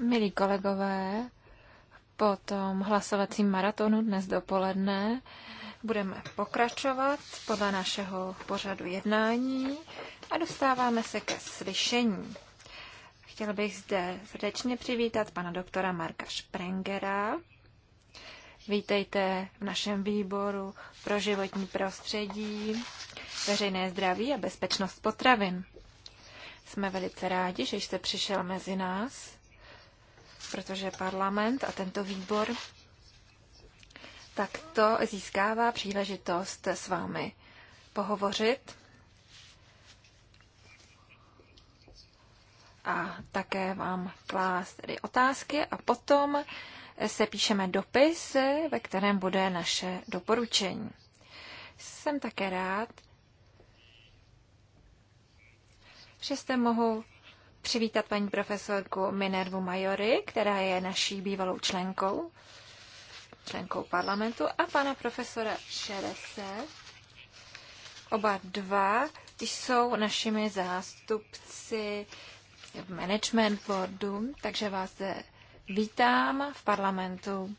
Milí kolegové, po tom hlasovacím maratonu dnes dopoledne budeme pokračovat podle našeho pořadu jednání a dostáváme se ke slyšení. Chtěl bych zde srdečně přivítat pana doktora Marka Sprengera. Vítejte v našem výboru pro životní prostředí, veřejné zdraví a bezpečnost potravin. Jsme velice rádi, že jste přišel mezi nás, protože parlament a tento výbor takto získává příležitost s vámi pohovořit a také vám klást tedy otázky a potom se píšeme dopis, ve kterém bude naše doporučení. Jsem také rád, že jste mohu přivítat paní profesorku Minervu Majory, která je naší bývalou členkou, členkou parlamentu, a pana profesora Šerese. Oba dva jsou našimi zástupci v management boardu, takže vás zde vítám v parlamentu.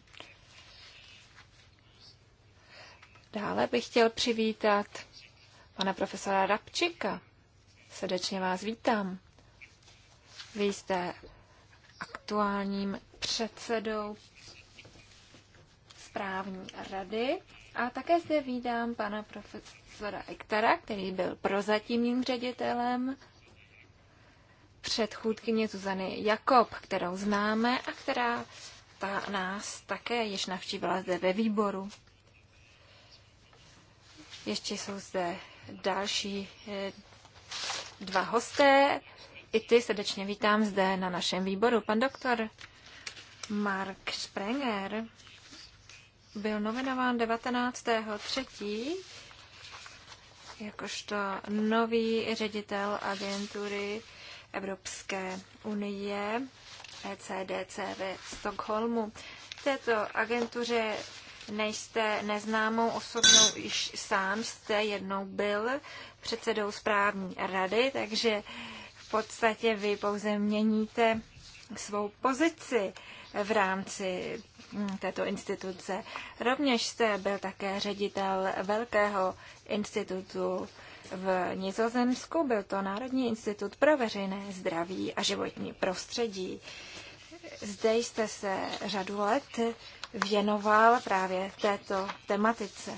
Dále bych chtěl přivítat pana profesora Rabčika, Srdečně vás vítám. Vy jste aktuálním předsedou správní rady a také zde vídám pana profesora Ektara, který byl prozatímním ředitelem předchůdkyně Zuzany Jakob, kterou známe a která ta nás také již navštívila zde ve výboru. Ještě jsou zde další eh, dva hosté. I ty srdečně vítám zde na našem výboru. Pan doktor Mark Sprenger byl nominován 19.3. jakožto nový ředitel agentury Evropské unie ECDC ve Stockholmu. V této agentuře nejste neznámou osobnou již sám, jste jednou byl předsedou správní rady, takže v podstatě vy pouze měníte svou pozici v rámci mm, této instituce. Rovněž jste byl také ředitel velkého institutu v Nizozemsku, byl to Národní institut pro veřejné zdraví a životní prostředí. Zde jste se řadu let věnoval právě této tematice.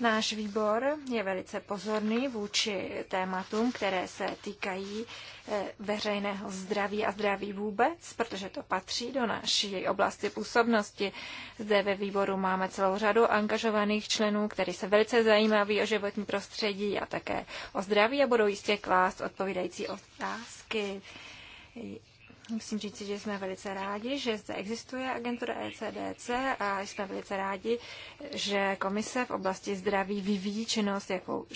Náš výbor je velice pozorný vůči tématům, které se týkají eh, veřejného zdraví a zdraví vůbec, protože to patří do naší oblasti působnosti. Zde ve výboru máme celou řadu angažovaných členů, kteří se velice zajímaví o životní prostředí a také o zdraví a budou jistě klást odpovídající otázky. Musím říct, že jsme velice rádi, že zde existuje agentura ECDC a jsme velice rádi, že komise v oblasti zdraví vyvíjí činnost, jakou,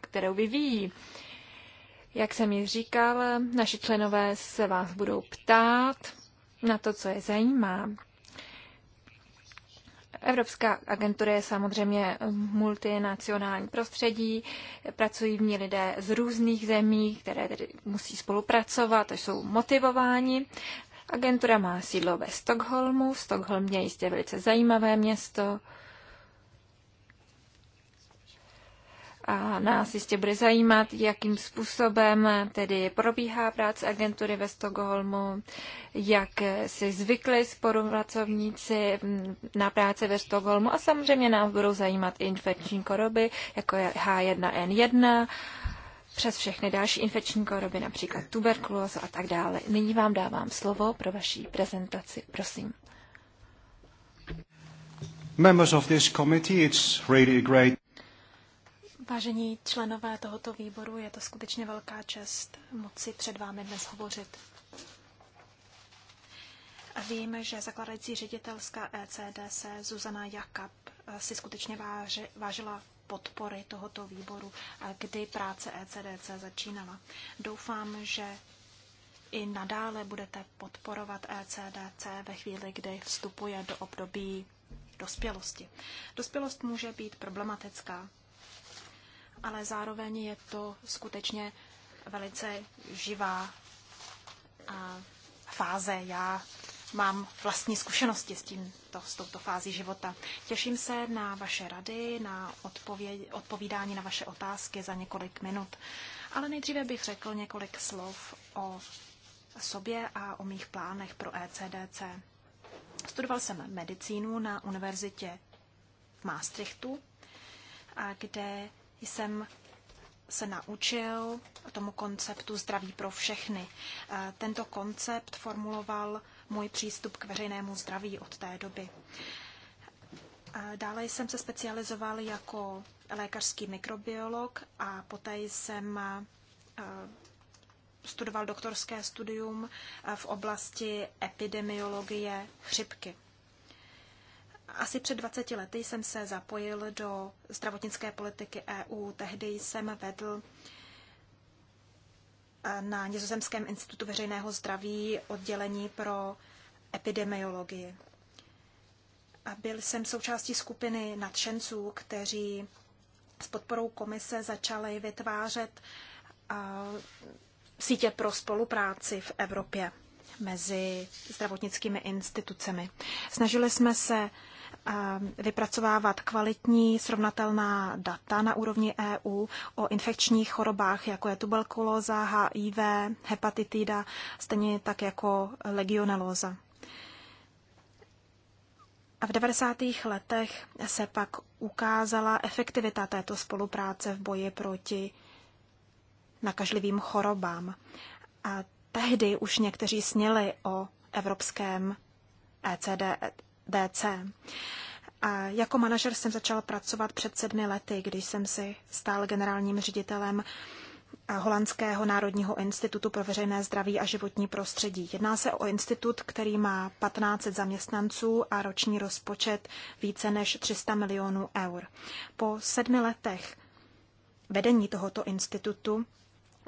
kterou vyvíjí. Jak jsem již říkal, naši členové se vás budou ptát na to, co je zajímá. Evropská agentura je samozřejmě multinacionální prostředí, pracují v ní lidé z různých zemí, které tedy musí spolupracovat, až jsou motivováni. Agentura má sídlo ve Stockholmu, Stockholm je jistě velice zajímavé město, a nás jistě bude zajímat, jakým způsobem tedy probíhá práce agentury ve Stockholmu, jak si zvykli spolupracovníci mm, na práci ve Stockholmu a samozřejmě nás budou zajímat i infekční choroby, jako je H1N1, přes všechny další infekční choroby, například tuberkulózu a tak dále. Nyní vám dávám slovo pro vaší prezentaci. Prosím. Members of this committee, it's really great Vážení členové tohoto výboru, je to skutečně velká čest moci před vámi dnes hovořit. Vím, že zakladající ředitelská ECDC Zuzana Jakab si skutečně vážila podpory tohoto výboru, kdy práce ECDC začínala. Doufám, že i nadále budete podporovat ECDC ve chvíli, kdy vstupuje do období dospělosti. Dospělost může být problematická ale zároveň je to skutečně velice živá fáze. Já mám vlastní zkušenosti s, tímto, s touto fází života. Těším se na vaše rady, na odpověd, odpovídání na vaše otázky za několik minut. Ale nejdříve bych řekl několik slov o sobě a o mých plánech pro ECDC. Studoval jsem medicínu na univerzitě v Maastrichtu, kde jsem se naučil tomu konceptu zdraví pro všechny. Eh, tento koncept formuloval můj přístup k veřejnému zdraví od té doby. Eh, dále jsem se specializoval jako lékařský mikrobiolog a poté jsem eh, studoval doktorské studium v oblasti epidemiologie chřipky. Asi před 20 lety jsem se zapojil do zdravotnické politiky EU. Tehdy jsem vedl eh, na Nizozemském institutu veřejného zdraví oddělení pro epidemiologii. A byl jsem součástí skupiny nadšenců, kteří s podporou komise začali vytvářet eh, sítě pro spolupráci v Evropě mezi zdravotnickými institucemi. Snažili jsme se vypracovávat kvalitní srovnatelná data na úrovni EU o infekčních chorobách, jako je tuberkulóza, HIV, hepatitida, stejně tak jako legionelóza. A v 90. letech se pak ukázala efektivita této spolupráce v boji proti nakažlivým chorobám. A tehdy už někteří snili o evropském ECD, DC. Jako manažer jsem začal pracovat před sedmi lety, když jsem si stál generálním ředitelem Holandského národního institutu pro veřejné zdraví a životní prostředí. Jedná se o institut, který má 15 zaměstnanců a roční rozpočet více než 300 milionů eur. Po sedmi letech vedení tohoto institutu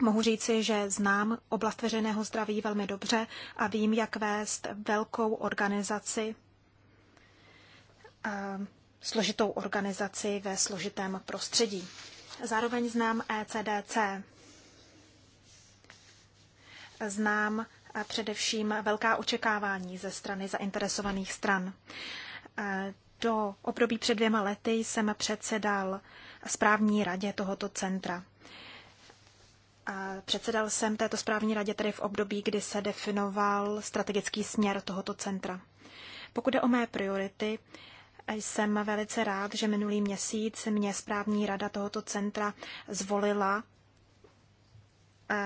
Mohu říci, že znám oblast veřejného zdraví velmi dobře a vím, jak vést velkou organizaci složitou organizaci ve složitém prostředí. Zároveň znám ECDC. Znám především velká očekávání ze strany zainteresovaných stran. E, do období před dvěma lety jsem předsedal správní radě tohoto centra. Předsedal jsem této správní radě tedy v období, kdy se definoval strategický směr tohoto centra. Pokud jde o mé priority, jsem velice rád, že minulý měsíc mě správní rada tohoto centra zvolila eh,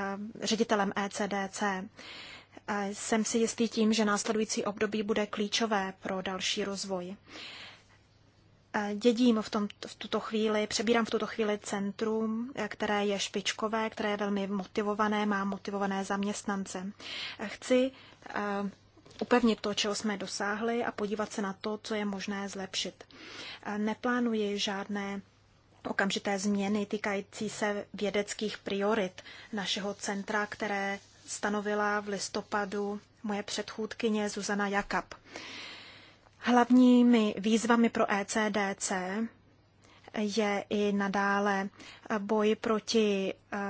ředitelem ECDC. Eh, jsem si jistý tím, že následující období bude klíčové pro další rozvoj. Eh, dědím v, tom, v tuto chvíli, přebírám v tuto chvíli centrum, které je špičkové, které je velmi motivované, má motivované zaměstnance. Chci upevnit to, čeho jsme dosáhli a podívat se na to, co je možné zlepšit. Neplánuji žádné okamžité změny týkající se vědeckých priorit našeho centra, které stanovila v listopadu moje předchůdkyně Zuzana Jakab. Hlavními výzvami pro ECDC je i nadále eh, boj proti eh,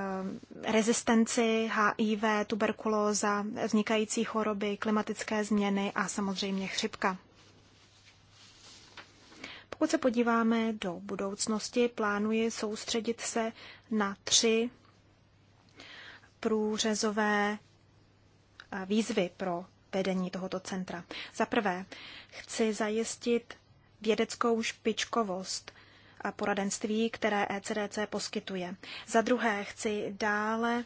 rezistenci, HIV, tuberkulóza, vznikající choroby, klimatické změny a samozřejmě chřipka. Pokud se podíváme do budoucnosti, plánuji soustředit se na tři průřezové eh, výzvy pro vedení tohoto centra. Za prvé, chci zajistit vědeckou špičkovost poradenství, které ECDC poskytuje. Za druhé, chci dále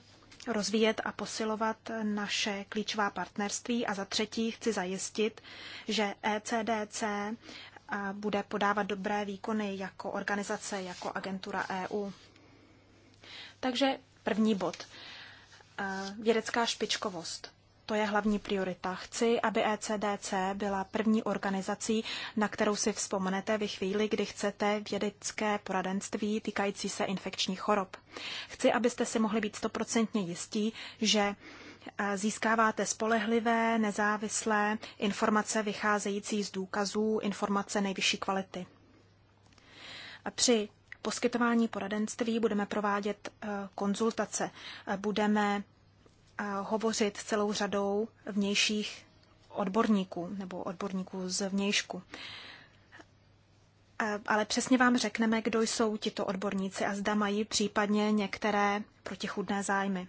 rozvíjet a posilovat naše klíčová partnerství a za třetí chci zajistit, že ECDC bude podávat dobré výkony jako organizace, jako agentura EU. Takže první bod. Vědecká špičkovost. To je hlavní priorita. Chci, aby ECDC byla první organizací, na kterou si vzpomenete ve chvíli, kdy chcete vědecké poradenství týkající se infekčních chorob. Chci, abyste si mohli být stoprocentně jistí, že e, získáváte spolehlivé, nezávislé informace vycházející z důkazů, informace nejvyšší kvality. A Při poskytování poradenství budeme provádět e, konzultace, e, budeme hovořit s celou řadou vnějších odborníků nebo odborníků z vnějšku. Ale přesně vám řekneme, kdo jsou tito odborníci a zda mají případně některé protichudné zájmy.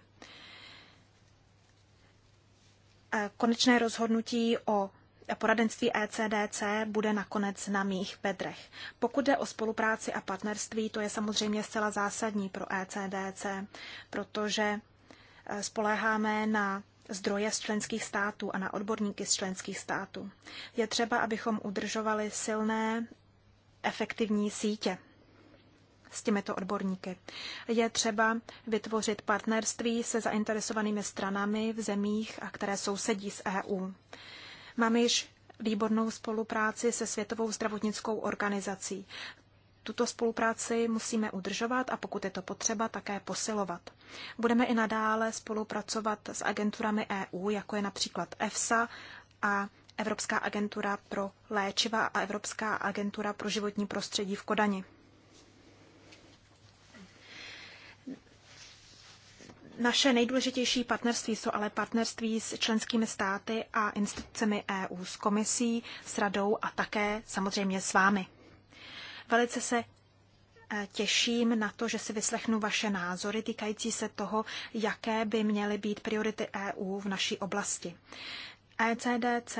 Konečné rozhodnutí o poradenství ECDC bude nakonec na mých bedrech. Pokud jde o spolupráci a partnerství, to je samozřejmě zcela zásadní pro ECDC, protože spoléháme na zdroje z členských států a na odborníky z členských států. Je třeba, abychom udržovali silné, efektivní sítě s těmito odborníky. Je třeba vytvořit partnerství se zainteresovanými stranami v zemích, a které sousedí s EU. Máme již výbornou spolupráci se Světovou zdravotnickou organizací tuto spolupráci musíme udržovat a pokud je to potřeba, také posilovat. Budeme i nadále spolupracovat s agenturami EU, jako je například EFSA a Evropská agentura pro léčiva a Evropská agentura pro životní prostředí v Kodani. Naše nejdůležitější partnerství jsou ale partnerství s členskými státy a institucemi EU, s komisí, s radou a také samozřejmě s vámi. Velice se eh, těším na to, že si vyslechnu vaše názory týkající se toho, jaké by měly být priority EU v naší oblasti. ECDC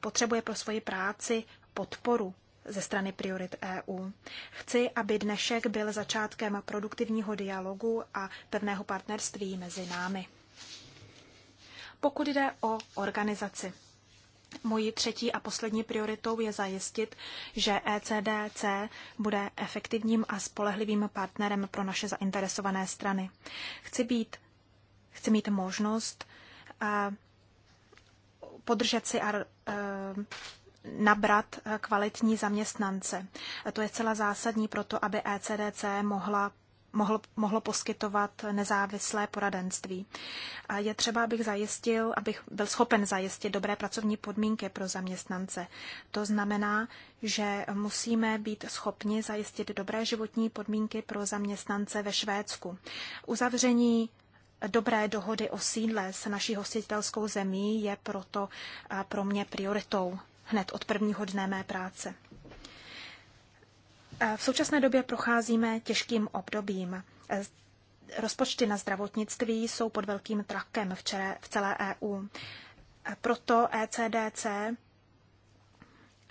potřebuje pro svoji práci podporu ze strany priorit EU. Chci, aby dnešek byl začátkem produktivního dialogu a pevného partnerství mezi námi. Pokud jde o organizaci, Mojí třetí a poslední prioritou je zajistit, že ECDC bude efektivním a spolehlivým partnerem pro naše zainteresované strany. Chci, být, chci mít možnost eh, podržet si a eh, nabrat eh, kvalitní zaměstnance. To je celá zásadní pro to, aby ECDC mohla mohl, mohlo poskytovat nezávislé poradenství. A je třeba, abych zajistil, abych byl schopen zajistit dobré pracovní podmínky pro zaměstnance. To znamená, že musíme být schopni zajistit dobré životní podmínky pro zaměstnance ve Švédsku. Uzavření dobré dohody o sídle s naší hostitelskou zemí je proto pro mě prioritou hned od prvního dne mé práce. V současné době procházíme těžkým obdobím. Rozpočty na zdravotnictví jsou pod velkým trakem v celé EU. Proto ECDC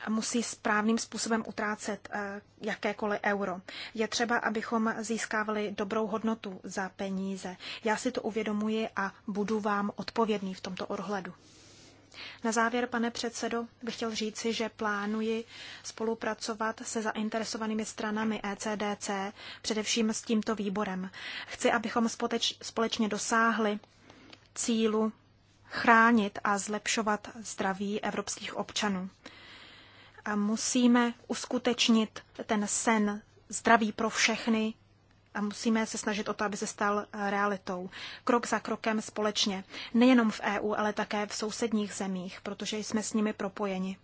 musí správným způsobem utrácet eh, jakékoliv euro. Je třeba, abychom získávali dobrou hodnotu za peníze. Já si to uvědomuji a budu vám odpovědný v tomto ohledu. Na závěr, pane předsedo, bych chtěl říci, že plánuji spolupracovat se zainteresovanými stranami ECDC, především s tímto výborem. Chci, abychom společně dosáhli cílu chránit a zlepšovat zdraví evropských občanů. A musíme uskutečnit ten sen zdraví pro všechny a musíme se snažit o to, aby se stal eh, realitou. Krok za krokem společně. Nejenom v EU, ale také v sousedních zemích, protože jsme s nimi propojeni.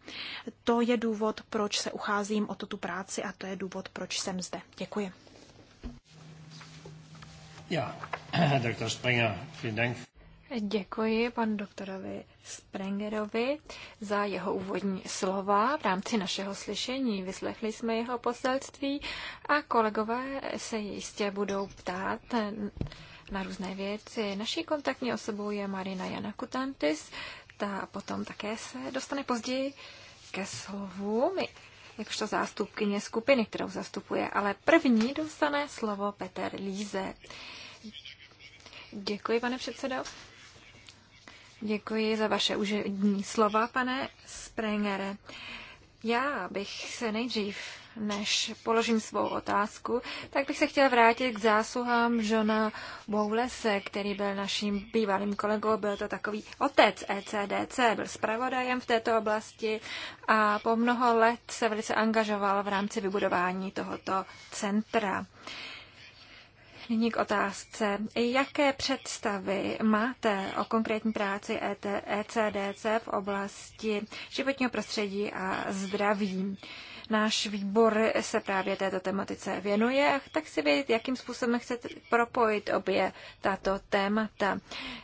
To je důvod, proč se ucházím o tuto práci a to je důvod, proč jsem zde. Děkuji. Ja, Dr. Springer, vielen Dank. Děkuji panu doktorovi Sprengerovi za jeho úvodní slova v rámci našeho slyšení. Vyslechli jsme jeho poselství a kolegové se jistě budou ptát na různé věci. Naší kontaktní osobou je Marina Jana Kutantis, ta potom také se dostane později ke slovu. My jakožto zástupkyně skupiny, kterou zastupuje, ale první dostane slovo Petr Líze. Děkuji, pane předsedo. Děkuji za vaše úřední slova, pane Sprengere. Já bych se nejdřív, než položím svou otázku, tak bych se chtěla vrátit k zásluhám Johna Boulese, který byl naším bývalým kolegou. Byl to takový otec ECDC, byl zpravodajem v této oblasti a po mnoho let se velice angažoval v rámci vybudování tohoto centra. Uh, Nyní k otázce. Jaké představy máte o konkrétní práci ECDC e v oblasti životního prostředí a zdraví? Náš výbor se právě této tematice věnuje, tak si vědět, jakým způsobem chcete propojit obě tato témata.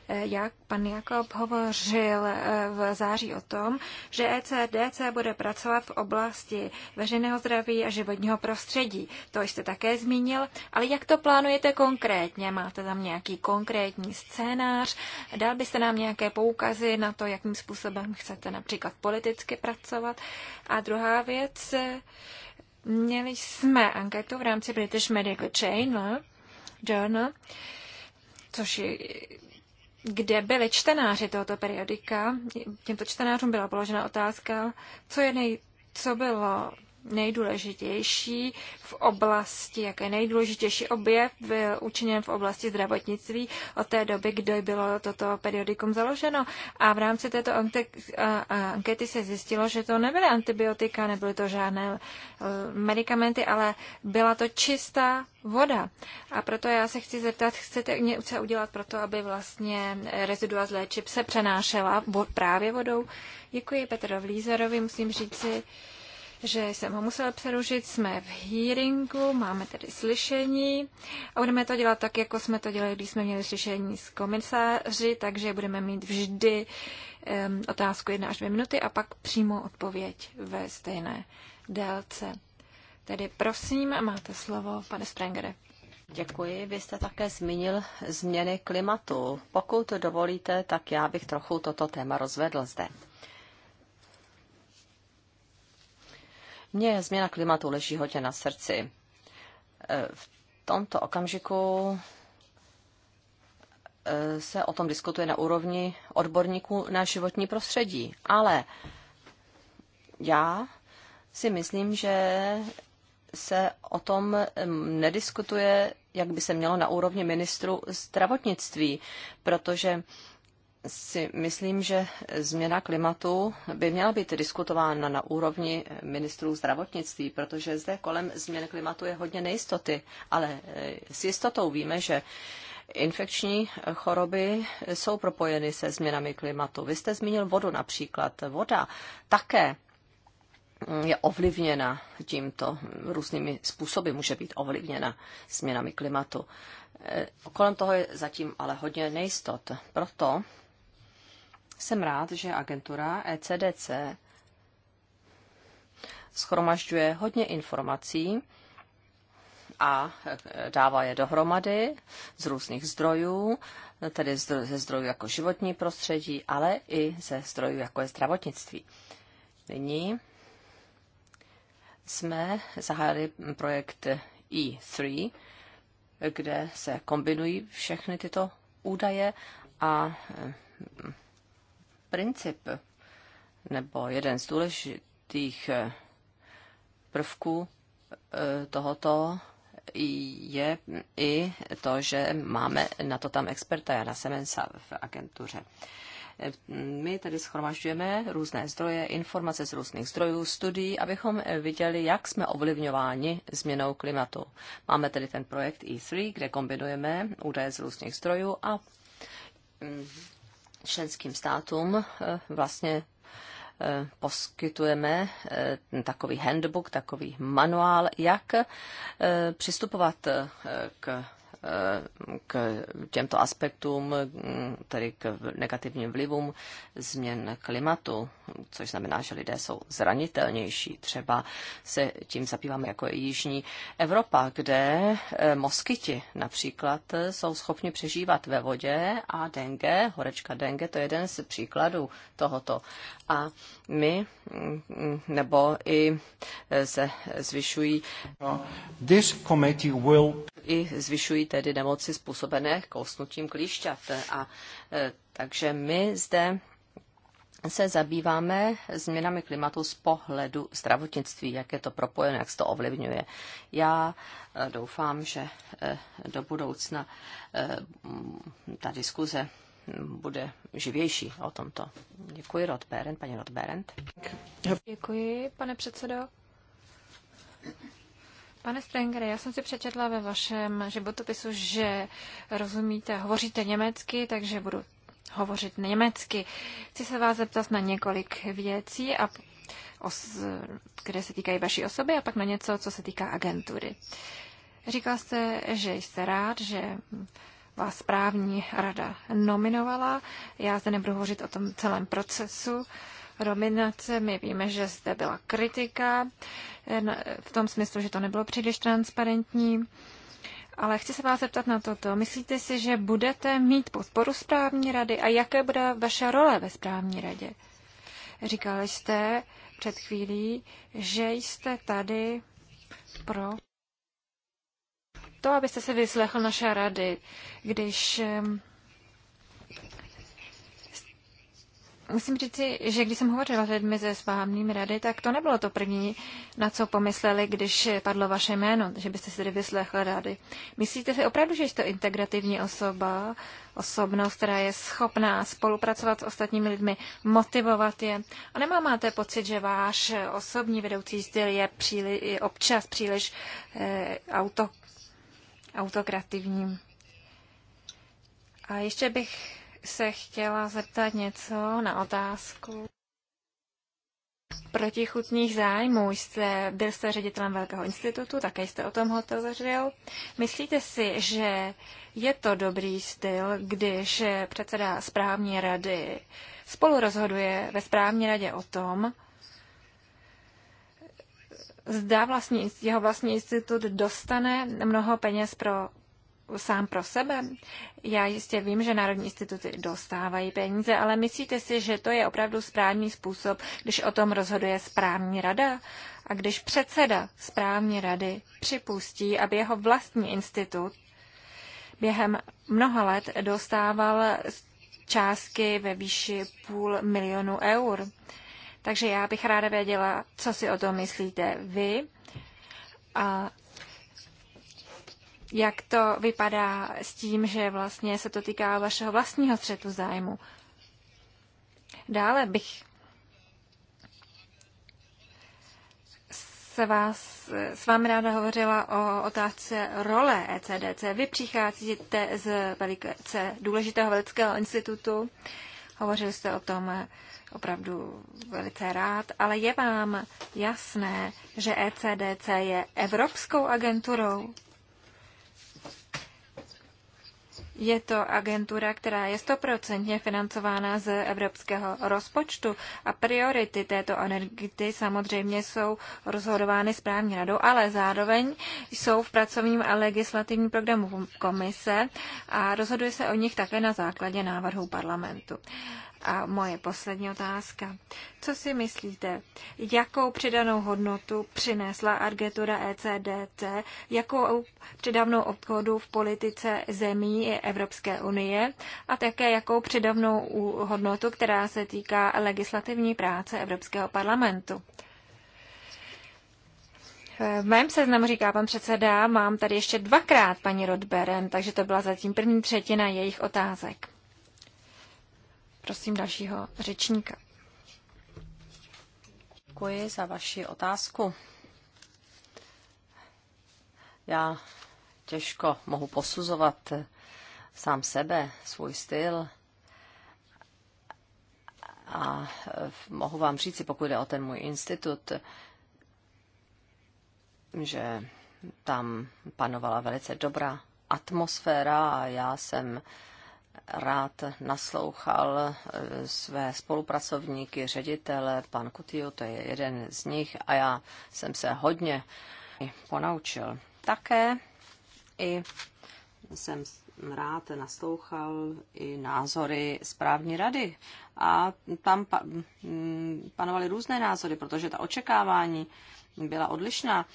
Jak Pan Jakob hovořil eh, v září o tom, že ECDC bude pracovat v oblasti veřejného zdraví a životního prostředí. To jste také zmínil, ale jak to plánujete konkrétně? Máte tam nějaký konkrétní scénář? Dal byste nám nějaké poukazy na to, jakým způsobem chcete například politicky pracovat? A druhá věc, měli jsme anketu v rámci British Medical Chain, Journal, což je kde byli čtenáři tohoto periodika, těmto čtenářům byla položena otázka, co je nej, co bylo nejdůležitější v oblasti, jaké nejdůležitější objev učiněn v oblasti zdravotnictví od té doby, kdy bylo toto periodikum založeno. A v rámci této ankety se zjistilo, že to nebyly antibiotika, nebyly to žádné e, medicamenty, ale byla to čistá voda. A proto já se chci zeptat, chcete něco udělat pro to, aby vlastně rezidua z léčib se přenášela právě vodou? Děkuji Petrovi Lízerovi, musím říci, že jsem ho musela přerušit. Jsme v hearingu, máme tedy slyšení a budeme to dělat tak, jako jsme to dělali, když jsme měli slyšení s komisáři, takže budeme mít vždy um, otázku jedna až 2 minuty a pak přímo odpověď ve stejné délce. Tedy prosím, máte slovo, pane Sprengere. Děkuji. Vy jste také zmínil změny klimatu. Pokud to dovolíte, tak já bych trochu toto téma rozvedl zde. Mně změna klimatu leží hodně na srdci. E, v tomto okamžiku e, se o tom diskutuje na úrovni odborníků na životní prostředí. Ale já si myslím, že se o tom nediskutuje, jak by se mělo na úrovni ministru zdravotnictví, protože si myslím, že změna klimatu by měla být diskutována na úrovni ministrů zdravotnictví, protože zde kolem změny klimatu je hodně nejistoty, ale e, s jistotou víme, že infekční choroby jsou propojeny se změnami klimatu. Vy jste zmínil vodu například. Voda také je ovlivněna tímto různými způsoby, může být ovlivněna změnami klimatu. E, kolem toho je zatím ale hodně nejistot. Proto jsem rád, že agentura ECDC schromažďuje hodně informací a e, dává je dohromady z různých zdrojů, tedy ze zdrojů jako životní prostředí, ale i ze zdrojů jako je zdravotnictví. Nyní jsme zahájili projekt E3, kde se kombinují všechny tyto údaje a e, princip nebo jeden z důležitých eh, prvků eh, tohoto je i to, že máme na to tam experta Jana Semensa v agentuře. My tady schromažďujeme různé zdroje, informace z různých zdrojů, studií, abychom viděli, jak jsme ovlivňováni změnou klimatu. Máme tedy ten projekt E3, kde kombinujeme údaje z různých zdrojů a mm, členským státům eh, vlastně eh, poskytujeme eh, takový handbook, takový manuál, jak přistupovat k k těmto aspektům, tedy k negativním vlivům změn klimatu, což znamená, že lidé jsou zranitelnější. Třeba se tím zabýváme jako je Jižní Evropa, kde eh, moskyti například jsou schopni přežívat ve vodě a dengue, horečka dengue, to je jeden z příkladů tohoto. A my, mm, nebo i eh, se zvyšují, no, this committee will... i zvyšují tedy nemoci způsobené kousnutím klíšťat. A, e, takže my zde se zabýváme změnami klimatu z pohledu zdravotnictví, jak je to propojeno, jak se to ovlivňuje. Já e, doufám, že e, do budoucna ta diskuze bude živější o tomto. Děkuji, Rod Berend, paní Rod Berend. Děkuji, pane předsedo. Pane Stengere, já jsem si přečetla ve vašem životopisu, že rozumíte, hovoříte německy, takže budu hovořit německy. Chci se vás zeptat na několik věcí, a os, které se týkají vaší osoby a pak na něco, co se týká agentury. Říkal jste, že jste rád, že vás správní rada nominovala. Já zde nebudu hovořit o tom celém procesu. Uh, nominace. My víme, že zde byla kritika eh, v tom smyslu, že to nebylo příliš transparentní. Ale chci se vás zeptat na toto. Myslíte si, že budete mít podporu správní rady a jaké bude vaše role ve správní radě? Říkali jste před chvílí, že jste tady pro to, abyste se vyslechl naše rady, když musím říci, že když jsem hovořila s lidmi ze správnými rady, tak to nebylo to první, na co pomysleli, když padlo vaše jméno, že byste si tedy vyslechli rady. Myslíte si opravdu, že jste integrativní osoba, osobnost, která je schopná spolupracovat s ostatními lidmi, motivovat je? A nemá máte pocit, že váš osobní vedoucí styl je, příli, je občas příliš eh, auto, autokrativní? A ještě bych se chtěla zeptat něco na otázku protichutných zájmů. Jste, byl jste ředitelem Velkého institutu, také jste o tom hovořil. Myslíte si, že je to dobrý styl, když předseda správní rady spolu rozhoduje ve správní radě o tom, zda vlastní, jeho vlastní institut dostane mnoho peněz pro sám pro sebe? Já jistě vím, že národní instituty dostávají peníze, ale myslíte si, že to je opravdu správný způsob, když o tom rozhoduje správní rada? A když předseda správní rady připustí, aby jeho vlastní institut během mnoha let dostával částky ve výši půl milionu eur. Takže já bych ráda věděla, co si o tom myslíte vy. A jak to vypadá s tím, že vlastně se to týká vašeho vlastního střetu zájmu. Dále bych se vás, s vámi ráda hovořila o otázce role ECDC. Vy přicházíte z velice důležitého velického institutu, hovořil jste o tom opravdu velice rád, ale je vám jasné, že ECDC je evropskou agenturou? Je to agentura, která je stoprocentně financována z evropského rozpočtu a priority této energety samozřejmě jsou rozhodovány správní radou, ale zároveň jsou v pracovním a legislativním programu komise a rozhoduje se o nich také na základě návrhů parlamentu. A moje poslední otázka. Co si myslíte, jakou přidanou hodnotu přinesla agentura ECDC, jakou přidavnou obchodu v politice zemí Evropské unie a také jakou přidavnou hodnotu, která se týká legislativní práce Evropského parlamentu? V mém seznamu, říká pan předseda, mám tady ještě dvakrát paní Rodberen, takže to byla zatím první třetina jejich otázek. Prosím dalšího řečníka. Děkuji za vaši otázku. Já těžko mohu posuzovat eh, sám sebe, svůj styl. A eh, mohu vám říct, pokud jde o ten můj institut, že tam panovala velice dobrá atmosféra a já jsem rád naslouchal eh, své spolupracovníky, ředitele, pan Kutio, to je jeden z nich a já jsem se hodně ponaučil. Také i jsem rád naslouchal i názory správní rady a tam pa, panovaly různé názory, protože ta očekávání byla odlišná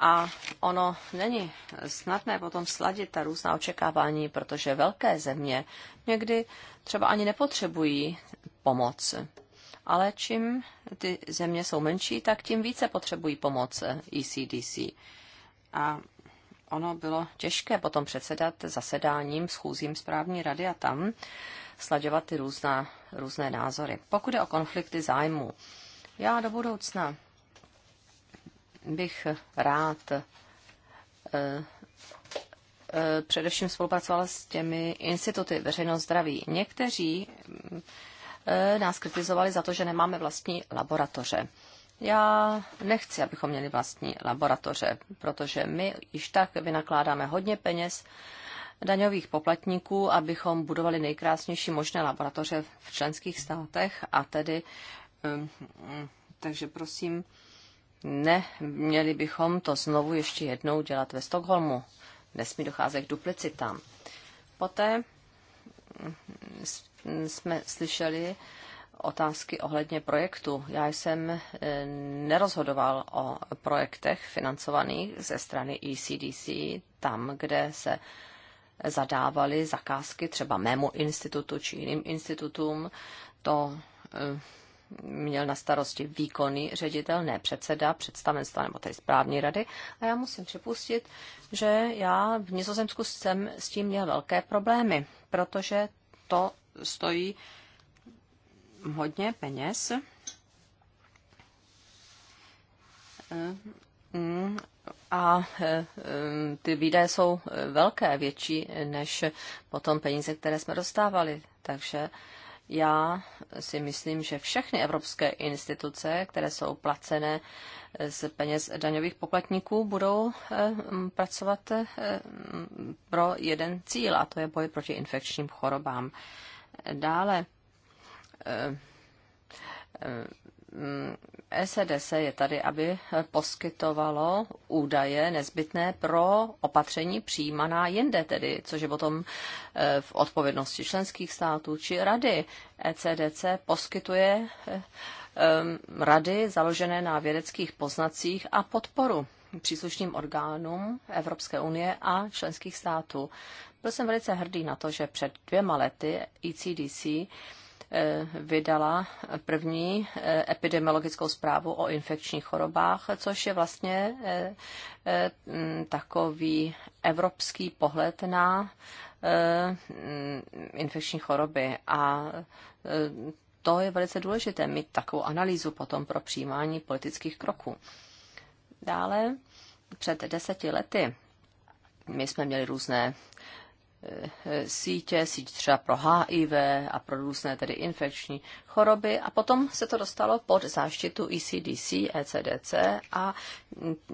a ono není snadné potom sladit ta různá očekávání, protože velké země někdy třeba ani nepotřebují pomoc. Ale čím ty země jsou menší, tak tím více potřebují pomoc ECDC. A ono bylo těžké potom předsedat zasedáním, schůzím správní rady a tam sladěvat ty různá, různé názory. Pokud je o konflikty zájmu, já do budoucna bych rád eh, eh, především spolupracovala s těmi instituty veřejného zdraví. Někteří eh, nás kritizovali za to, že nemáme vlastní laboratoře. Já nechci, abychom měli vlastní laboratoře, protože my již tak vynakládáme hodně peněz daňových poplatníků, abychom budovali nejkrásnější možné laboratoře v členských státech a tedy, mm, takže prosím, ne, měli bychom to znovu ještě jednou dělat ve Stockholmu. Nesmí docházet k duplicitám. Poté jsme slyšeli otázky ohledně projektu. Já jsem eh, nerozhodoval o projektech financovaných ze strany ECDC tam, kde se zadávaly zakázky třeba mému institutu či jiným institutům. To eh, měl na starosti výkonný ředitel, ne předseda představenstva nebo tady správní rady. A já musím připustit, že já v Nizozemsku jsem s tím měl velké problémy, protože to stojí hodně peněz. A eh, ty výdaje jsou velké, větší než potom peníze, které jsme dostávali. Takže já si myslím, že všechny evropské instituce, které jsou placené z peněz daňových poplatníků, budou eh, pracovat eh, pro jeden cíl, a to je boj proti infekčním chorobám. Dále eh, SEDS je tady, aby poskytovalo údaje nezbytné pro opatření přijímaná jinde, tedy, což je potom eh, v odpovědnosti členských států či rady. ECDC poskytuje eh, eh, rady založené na vědeckých poznacích a podporu příslušným orgánům Evropské unie a členských států. Byl jsem velice hrdý na to, že před dvěma lety ECDC Eh, vydala první eh, epidemiologickou zprávu o infekčních chorobách, což je vlastně eh, takový evropský pohled na infekční choroby. A to je velice důležité, mít takovou analýzu potom pro přijímání politických kroků. Dále před deseti lety my jsme měli různé sítě, síť třeba pro HIV a pro různé tedy infekční choroby a potom se to dostalo pod záštitu ECDC, ECDC a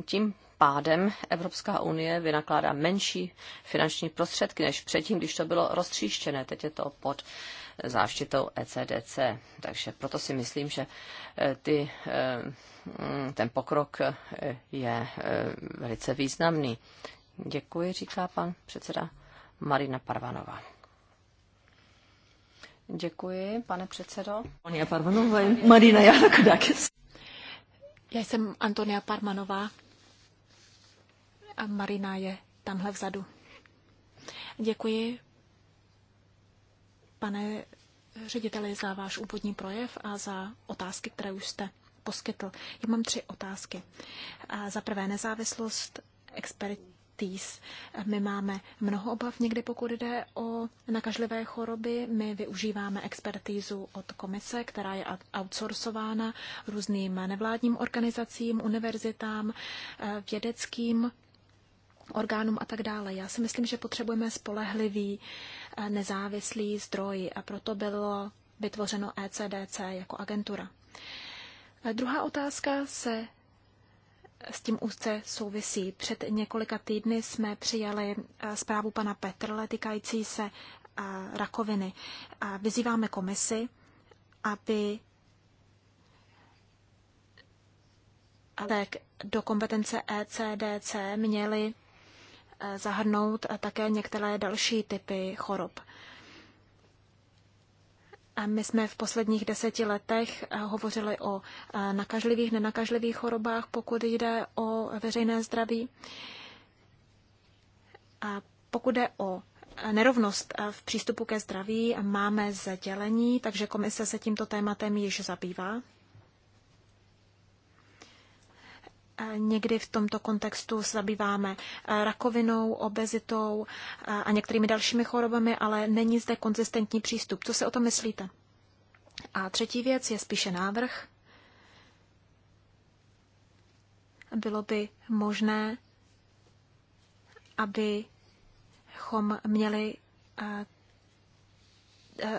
tím pádem Evropská unie vynakládá menší finanční prostředky než předtím, když to bylo roztříštěné. Teď je to pod záštitou ECDC. Takže proto si myslím, že eh, ty, eh, ten pokrok eh, je velice významný. Děkuji, říká pan předseda. Marina Parvanová. Děkuji, pane předsedo. Marina Parvanová, Marina Janakodakis. Já jsem Antonia Parmanová a Marina je tamhle vzadu. Děkuji, pane řediteli, za váš úvodní projev a za otázky, které už jste poskytl. Já mám tři otázky. Za prvé nezávislost expert, TIS. My máme mnoho obav někdy, pokud jde o nakažlivé choroby. My využíváme expertízu od komise, která je outsourcována různým nevládním organizacím, univerzitám, eh, vědeckým orgánům a tak dále. Já si myslím, že potřebujeme spolehlivý, eh, nezávislý zdroj a proto bylo vytvořeno ECDC jako agentura. A eh, druhá otázka se s tím úzce souvisí. Před několika týdny jsme přijali eh, zprávu pana Petrle týkající se eh, rakoviny. a Vyzýváme komisi, aby tak do kompetence ECDC měly eh, zahrnout také některé další typy chorob. My jsme v posledních deseti letech eh, hovořili o eh, nakažlivých, nenakažlivých chorobách, pokud jde o veřejné zdraví. A pokud jde o eh, nerovnost v přístupu ke zdraví, máme zdělení, takže komise se tímto tématem již zabývá. Někdy v tomto kontextu se zabýváme eh, rakovinou, obezitou eh, a některými dalšími chorobami, ale není zde konzistentní přístup. Co se o to myslíte? A třetí věc je spíše návrh. Bylo by možné, abychom měli eh,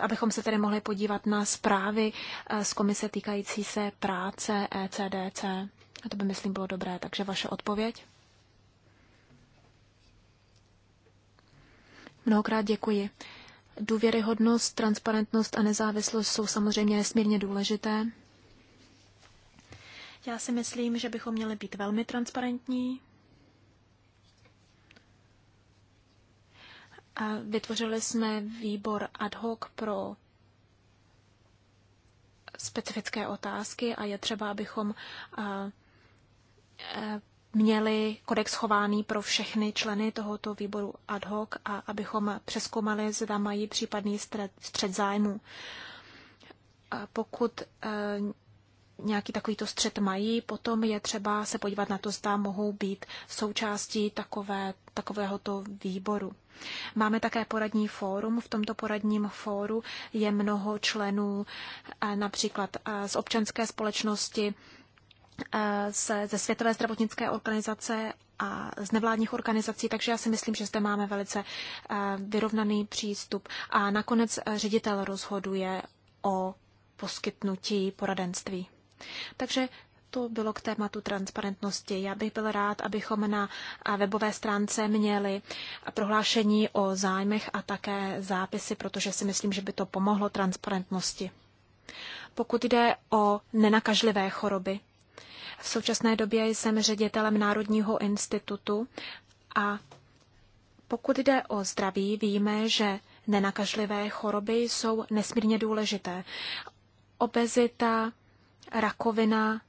abychom se tedy mohli podívat na zprávy z komise týkající se práce ECDC a to by, myslím, bylo dobré. Takže vaše odpověď? Mnohokrát děkuji. Důvěryhodnost, transparentnost a nezávislost jsou samozřejmě nesmírně důležité. Já si myslím, že bychom měli být velmi transparentní. A vytvořili jsme výbor ad hoc pro specifické otázky a je třeba, abychom Eh, měli kodex chování pro všechny členy tohoto výboru ad hoc a abychom přeskoumali, zda mají případný střed zájmu. Pokud eh, nějaký takovýto střed mají, potom je třeba se podívat na to, zda mohou být součástí takové, takovéhoto výboru. Máme také poradní fórum. V tomto poradním fóru je mnoho členů, eh, například z občanské společnosti, se, ze Světové zdravotnické organizace a z nevládních organizací, takže já si myslím, že zde máme velice vyrovnaný přístup. A nakonec ředitel rozhoduje o poskytnutí poradenství. Takže to bylo k tématu transparentnosti. Já bych byl rád, abychom na webové stránce měli prohlášení o zájmech a také zápisy, protože si myslím, že by to pomohlo transparentnosti. Pokud jde o nenakažlivé choroby, v současné době jsem ředitelem Národního institutu a pokud jde o zdraví, víme, že nenakažlivé choroby jsou nesmírně důležité. Obezita, rakovina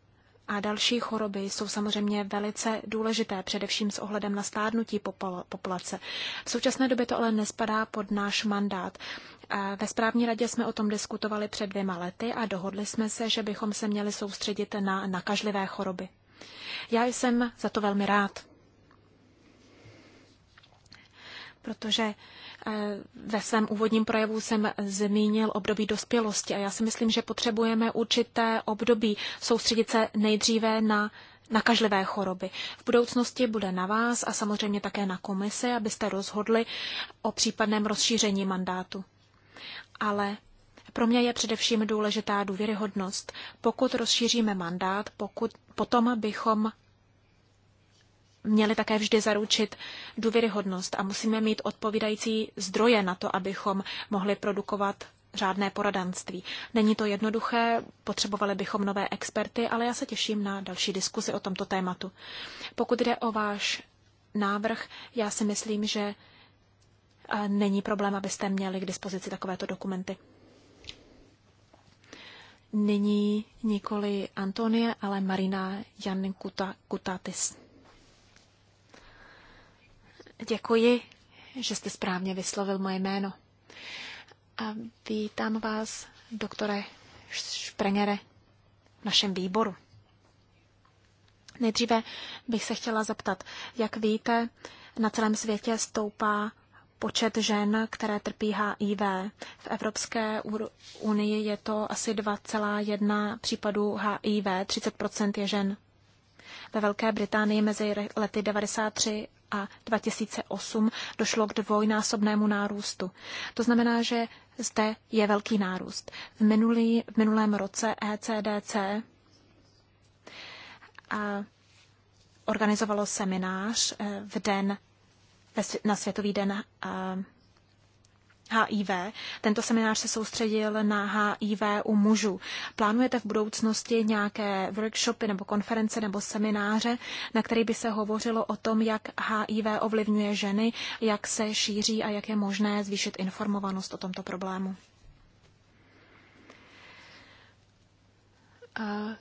a další choroby jsou samozřejmě velice důležité, především s ohledem na stárnutí populace. V současné době to ale nespadá pod náš mandát. Ve správní radě jsme o tom diskutovali před dvěma lety a dohodli jsme se, že bychom se měli soustředit na nakažlivé choroby. Já jsem za to velmi rád, protože eh, ve svém úvodním projevu jsem zmínil období dospělosti a já si myslím, že potřebujeme určité období soustředit se nejdříve na nakažlivé choroby. V budoucnosti bude na vás a samozřejmě také na komisi, abyste rozhodli o případném rozšíření mandátu ale pro mě je především důležitá důvěryhodnost. Pokud rozšíříme mandát, pokud, potom bychom měli také vždy zaručit důvěryhodnost a musíme mít odpovídající zdroje na to, abychom mohli produkovat řádné poradanství. Není to jednoduché, potřebovali bychom nové experty, ale já se těším na další diskuzi o tomto tématu. Pokud jde o váš návrh, já si myslím, že není problém, abyste měli k dispozici takovéto dokumenty. Nyní nikoli Antonie, ale Marina Jan Kuta, Kutatis. Děkuji, že jste správně vyslovil moje jméno. A vítám vás, doktore Šprengere, v našem výboru. Nejdříve bych se chtěla zeptat, jak víte, na celém světě stoupá počet žen, které trpí HIV. V Evropské unii je to asi 2,1 případů HIV, 30 je žen. Ve Velké Británii mezi lety 93 a 2008 došlo k dvojnásobnému nárůstu. To znamená, že zde je velký nárůst. V, minulý, v minulém roce ECDC a organizovalo seminář eh, v den na Světový den HIV. Eh, Tento seminář se soustředil na HIV u mužů. Plánujete v budoucnosti nějaké workshopy nebo konference nebo semináře, na který by se hovořilo o tom, jak HIV ovlivňuje ženy, jak se šíří a jak je možné zvýšit informovanost o tomto problému? Eh,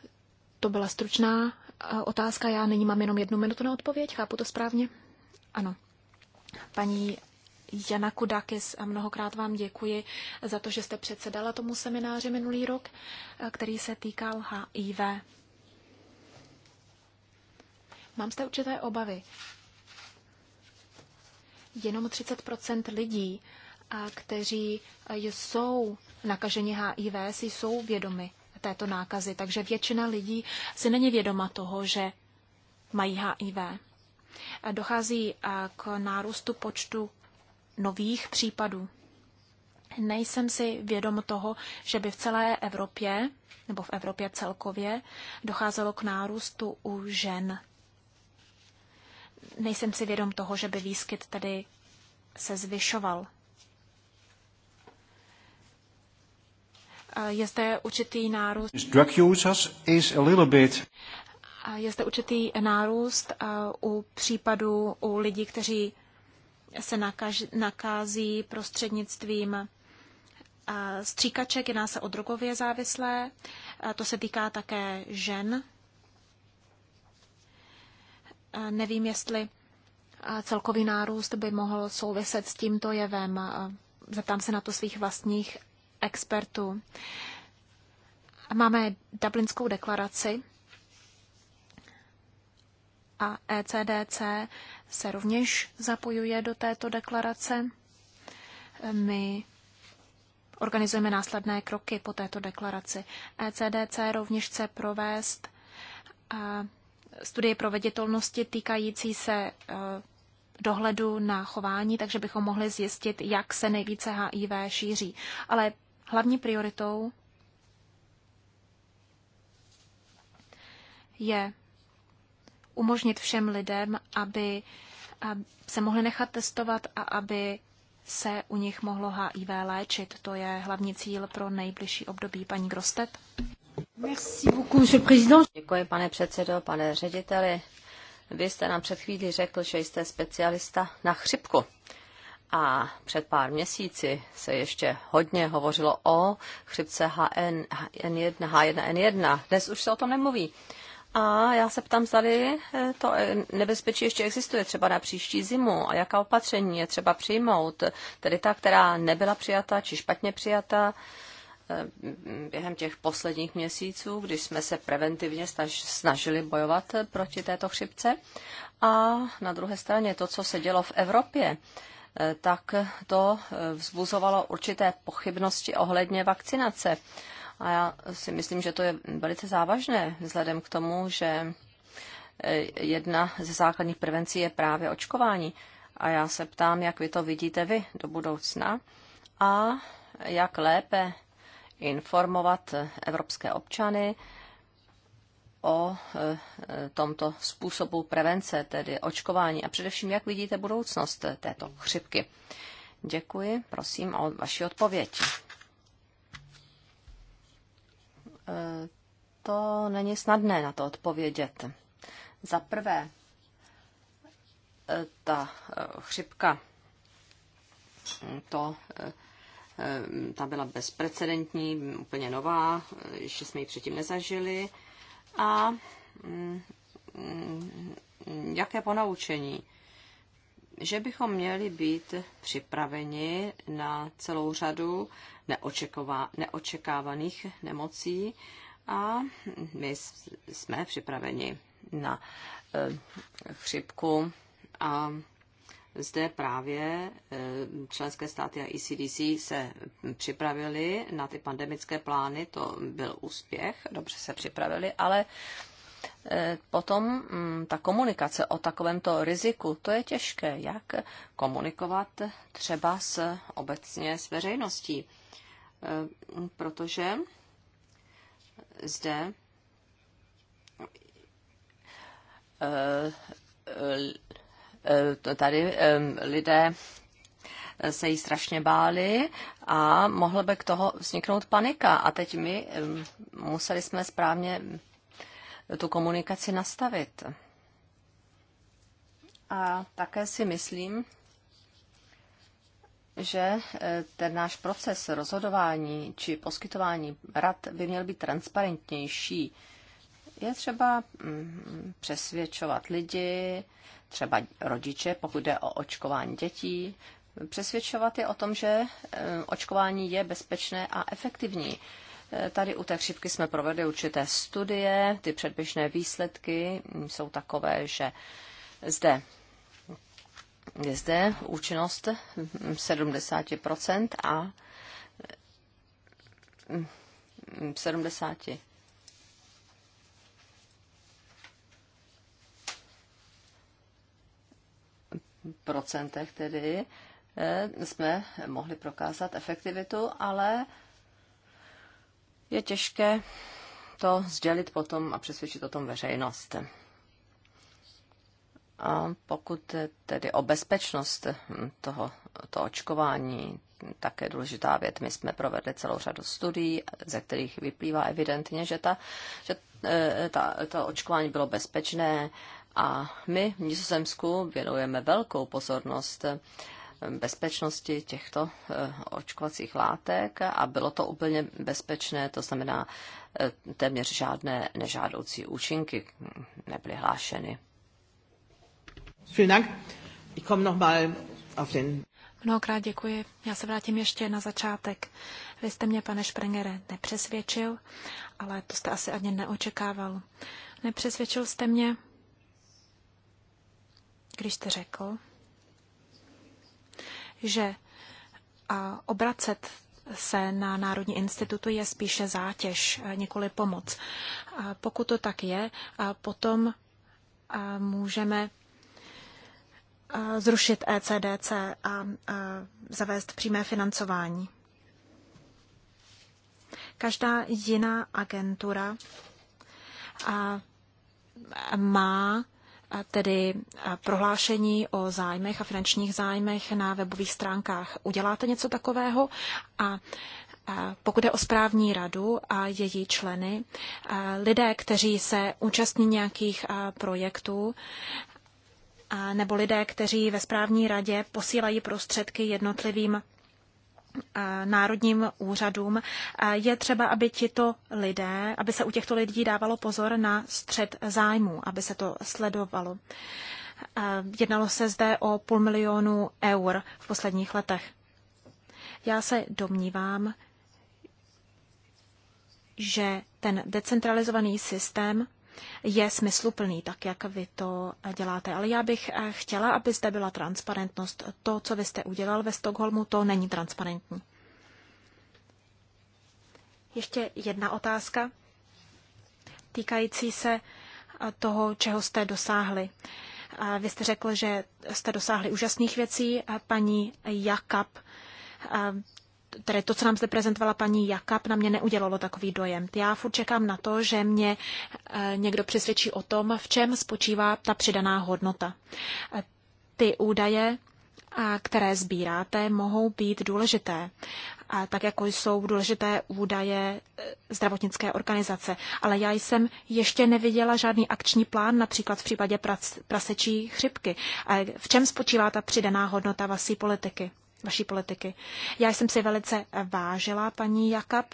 to byla stručná eh, otázka. Já nyní mám jenom jednu minutu na odpověď. Chápu to správně? Ano. Paní Jana Kudakis, mnohokrát vám děkuji za to, že jste předsedala tomu semináři minulý rok, eh, který se týkal HIV. Mám zde určité obavy. Jenom 30 lidí, kteří eh, jsou nakaženi HIV, si jsou vědomi této nákazy, takže většina lidí si není vědoma toho, že mají HIV. Dochází k nárůstu počtu nových případů. Nejsem si vědom toho, že by v celé Evropě, nebo v Evropě celkově, docházelo k nárůstu u žen. Nejsem si vědom toho, že by výskyt tedy se zvyšoval. Je zde určitý nárůst. Drug users is a little bit je zde určitý nárůst eh, u případů u lidí, kteří se nakází prostřednictvím eh, stříkaček, jedná se o drogově závislé, eh, to se týká také žen. Nevím, jestli celkový nárůst by mohl souviset s tímto jevem. Zeptám se na to svých vlastních expertů. Máme Dublinskou deklaraci, a ECDC se rovněž zapojuje do této deklarace. My organizujeme následné kroky po této deklaraci. ECDC rovněž chce provést studie proveditelnosti týkající se e, dohledu na chování, takže bychom mohli zjistit, jak se nejvíce HIV šíří. Ale hlavní prioritou je umožnit všem lidem, aby se mohli nechat testovat a aby se u nich mohlo HIV léčit. To je hlavní cíl pro nejbližší období. Paní Grostet. Merci beaucoup, monsieur le président. Děkuji, pane předsedo, pane řediteli. Vy jste nám před chvílí řekl, že jste specialista na chřipku. A před pár měsíci se ještě hodně hovořilo o chřipce HN, H1, H1N1. Dnes už se o tom nemluví. Uh, a já se ptám, zdali eh, to eh, nebezpečí ještě existuje třeba na příští zimu a jaká opatření je třeba přijmout, tedy ta, která nebyla přijata či špatně přijata eh, během těch posledních měsíců, když jsme se preventivně snažili bojovat proti této chřipce. A na druhé straně to, co se dělo v Evropě, tak to vzbuzovalo určité pochybnosti ohledně vakcinace. A já si myslím, že to je velice závažné, vzhledem k tomu, že e, jedna ze základních prevencí je právě očkování. A já se ptám, jak vy to vidíte vy do budoucna a jak lépe informovat evropské občany o e, tomto způsobu prevence, tedy očkování a především, jak vidíte budoucnost této chřipky. Děkuji, prosím o vaši odpověď to není snadné na to odpovědět. Za prvé, ta chřipka, to, ta byla bezprecedentní, úplně nová, ještě jsme ji předtím nezažili. A mm, mm, jaké ponaučení? že bychom měli být připraveni na celou řadu neočekávaných nemocí a my jsme připraveni na eh, chřipku a zde právě eh, členské státy a ECDC se připravili na ty pandemické plány, to byl úspěch, dobře se připravili, ale E, potom mm, ta komunikace o takovémto riziku, to je těžké. Jak komunikovat třeba s obecně s veřejností? E, protože zde e, tady lidé se jí strašně báli a mohla by k toho vzniknout panika. A teď my museli jsme správně tu komunikaci nastavit. A také si myslím, že e, ten náš proces rozhodování či poskytování rad by měl být transparentnější. Je třeba mm, přesvědčovat lidi, třeba rodiče, pokud jde o očkování dětí, přesvědčovat je o tom, že e, očkování je bezpečné a efektivní. Tady u té chřipky jsme provedli určité studie. Ty předběžné výsledky jsou takové, že zde je zde účinnost 70% a 70 procentech tedy eh, jsme mohli prokázat efektivitu, ale je těžké to sdělit potom a přesvědčit o tom veřejnost. A pokud tedy o bezpečnost hm, toho, to očkování, také důležitá věc. My jsme provedli celou řadu studií, ze kterých vyplývá evidentně, že, ta, že e, ta, to očkování bylo bezpečné a my v Nizozemsku věnujeme velkou pozornost eh, bezpečnosti těchto eh, očkovacích látek a bylo to úplně bezpečné, to znamená eh, téměř žádné nežádoucí účinky nebyly hlášeny. Mnohokrát děkuji. Já se vrátím ještě na začátek. Vy jste mě, pane Sprengere, nepřesvědčil, ale to jste asi ani neočekával. Nepřesvědčil jste mě, když jste řekl, že obracet se na Národní institutu je spíše zátěž, nikoli pomoc. Pokud to tak je, potom můžeme zrušit ECDC a zavést přímé financování. Každá jiná agentura má tedy prohlášení o zájmech a finančních zájmech na webových stránkách. Uděláte něco takového a pokud je o správní radu a její členy, lidé, kteří se účastní nějakých projektů, nebo lidé, kteří ve správní radě posílají prostředky jednotlivým národním úřadům, je třeba, aby tito lidé, aby se u těchto lidí dávalo pozor na střed zájmů, aby se to sledovalo. Jednalo se zde o půl milionu eur v posledních letech. Já se domnívám, že ten decentralizovaný systém je smysluplný, tak jak vy to děláte. Ale já bych eh, chtěla, aby zde byla transparentnost. To, co vy jste udělal ve Stockholmu, to není transparentní. Ještě jedna otázka týkající se eh, toho, čeho jste dosáhli. Eh, vy jste řekl, že jste dosáhli úžasných věcí. Paní Jakab tedy to, co nám zde prezentovala paní Jakab, na mě neudělalo takový dojem. Já furt čekám na to, že mě eh, někdo přesvědčí o tom, v čem spočívá ta přidaná hodnota. Eh, ty údaje, eh, které sbíráte, mohou být důležité, a tak jako jsou důležité údaje zdravotnické organizace. Ale já jsem ještě neviděla žádný akční plán, například v případě prasečí chřipky. V čem spočívá ta přidaná hodnota vaší politiky? vaší politiky. Já jsem si velice vážila paní Jakab,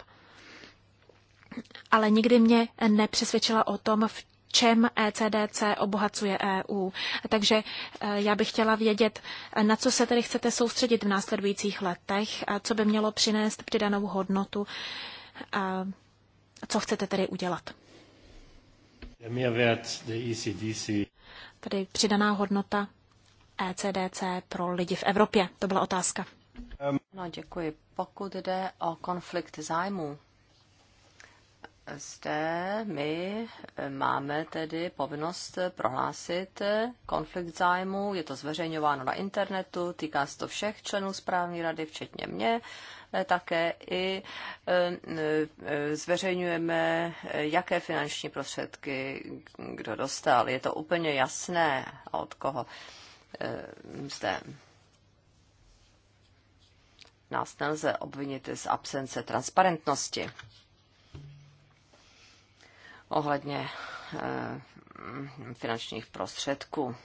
ale nikdy mě nepřesvědčila o tom, v čem ECDC obohacuje EU. Takže eh, já bych chtěla vědět, na co se tedy chcete soustředit v následujících letech, co by mělo přinést přidanou hodnotu, a co chcete tedy udělat. E Tady přidaná hodnota ECDC pro lidi v Evropě? To byla otázka. No, děkuji. Pokud jde o konflikt zájmů, zde my e, máme tedy povinnost prohlásit konflikt zájmů. Je to zveřejňováno na internetu, týká se to všech členů správní rady, včetně mě. E, také i e, zveřejňujeme, jaké finanční prostředky kdo dostal. Je to úplně jasné od koho. Eh, zde nás nelze obvinit z absence transparentnosti ohledně eh, finančních prostředků.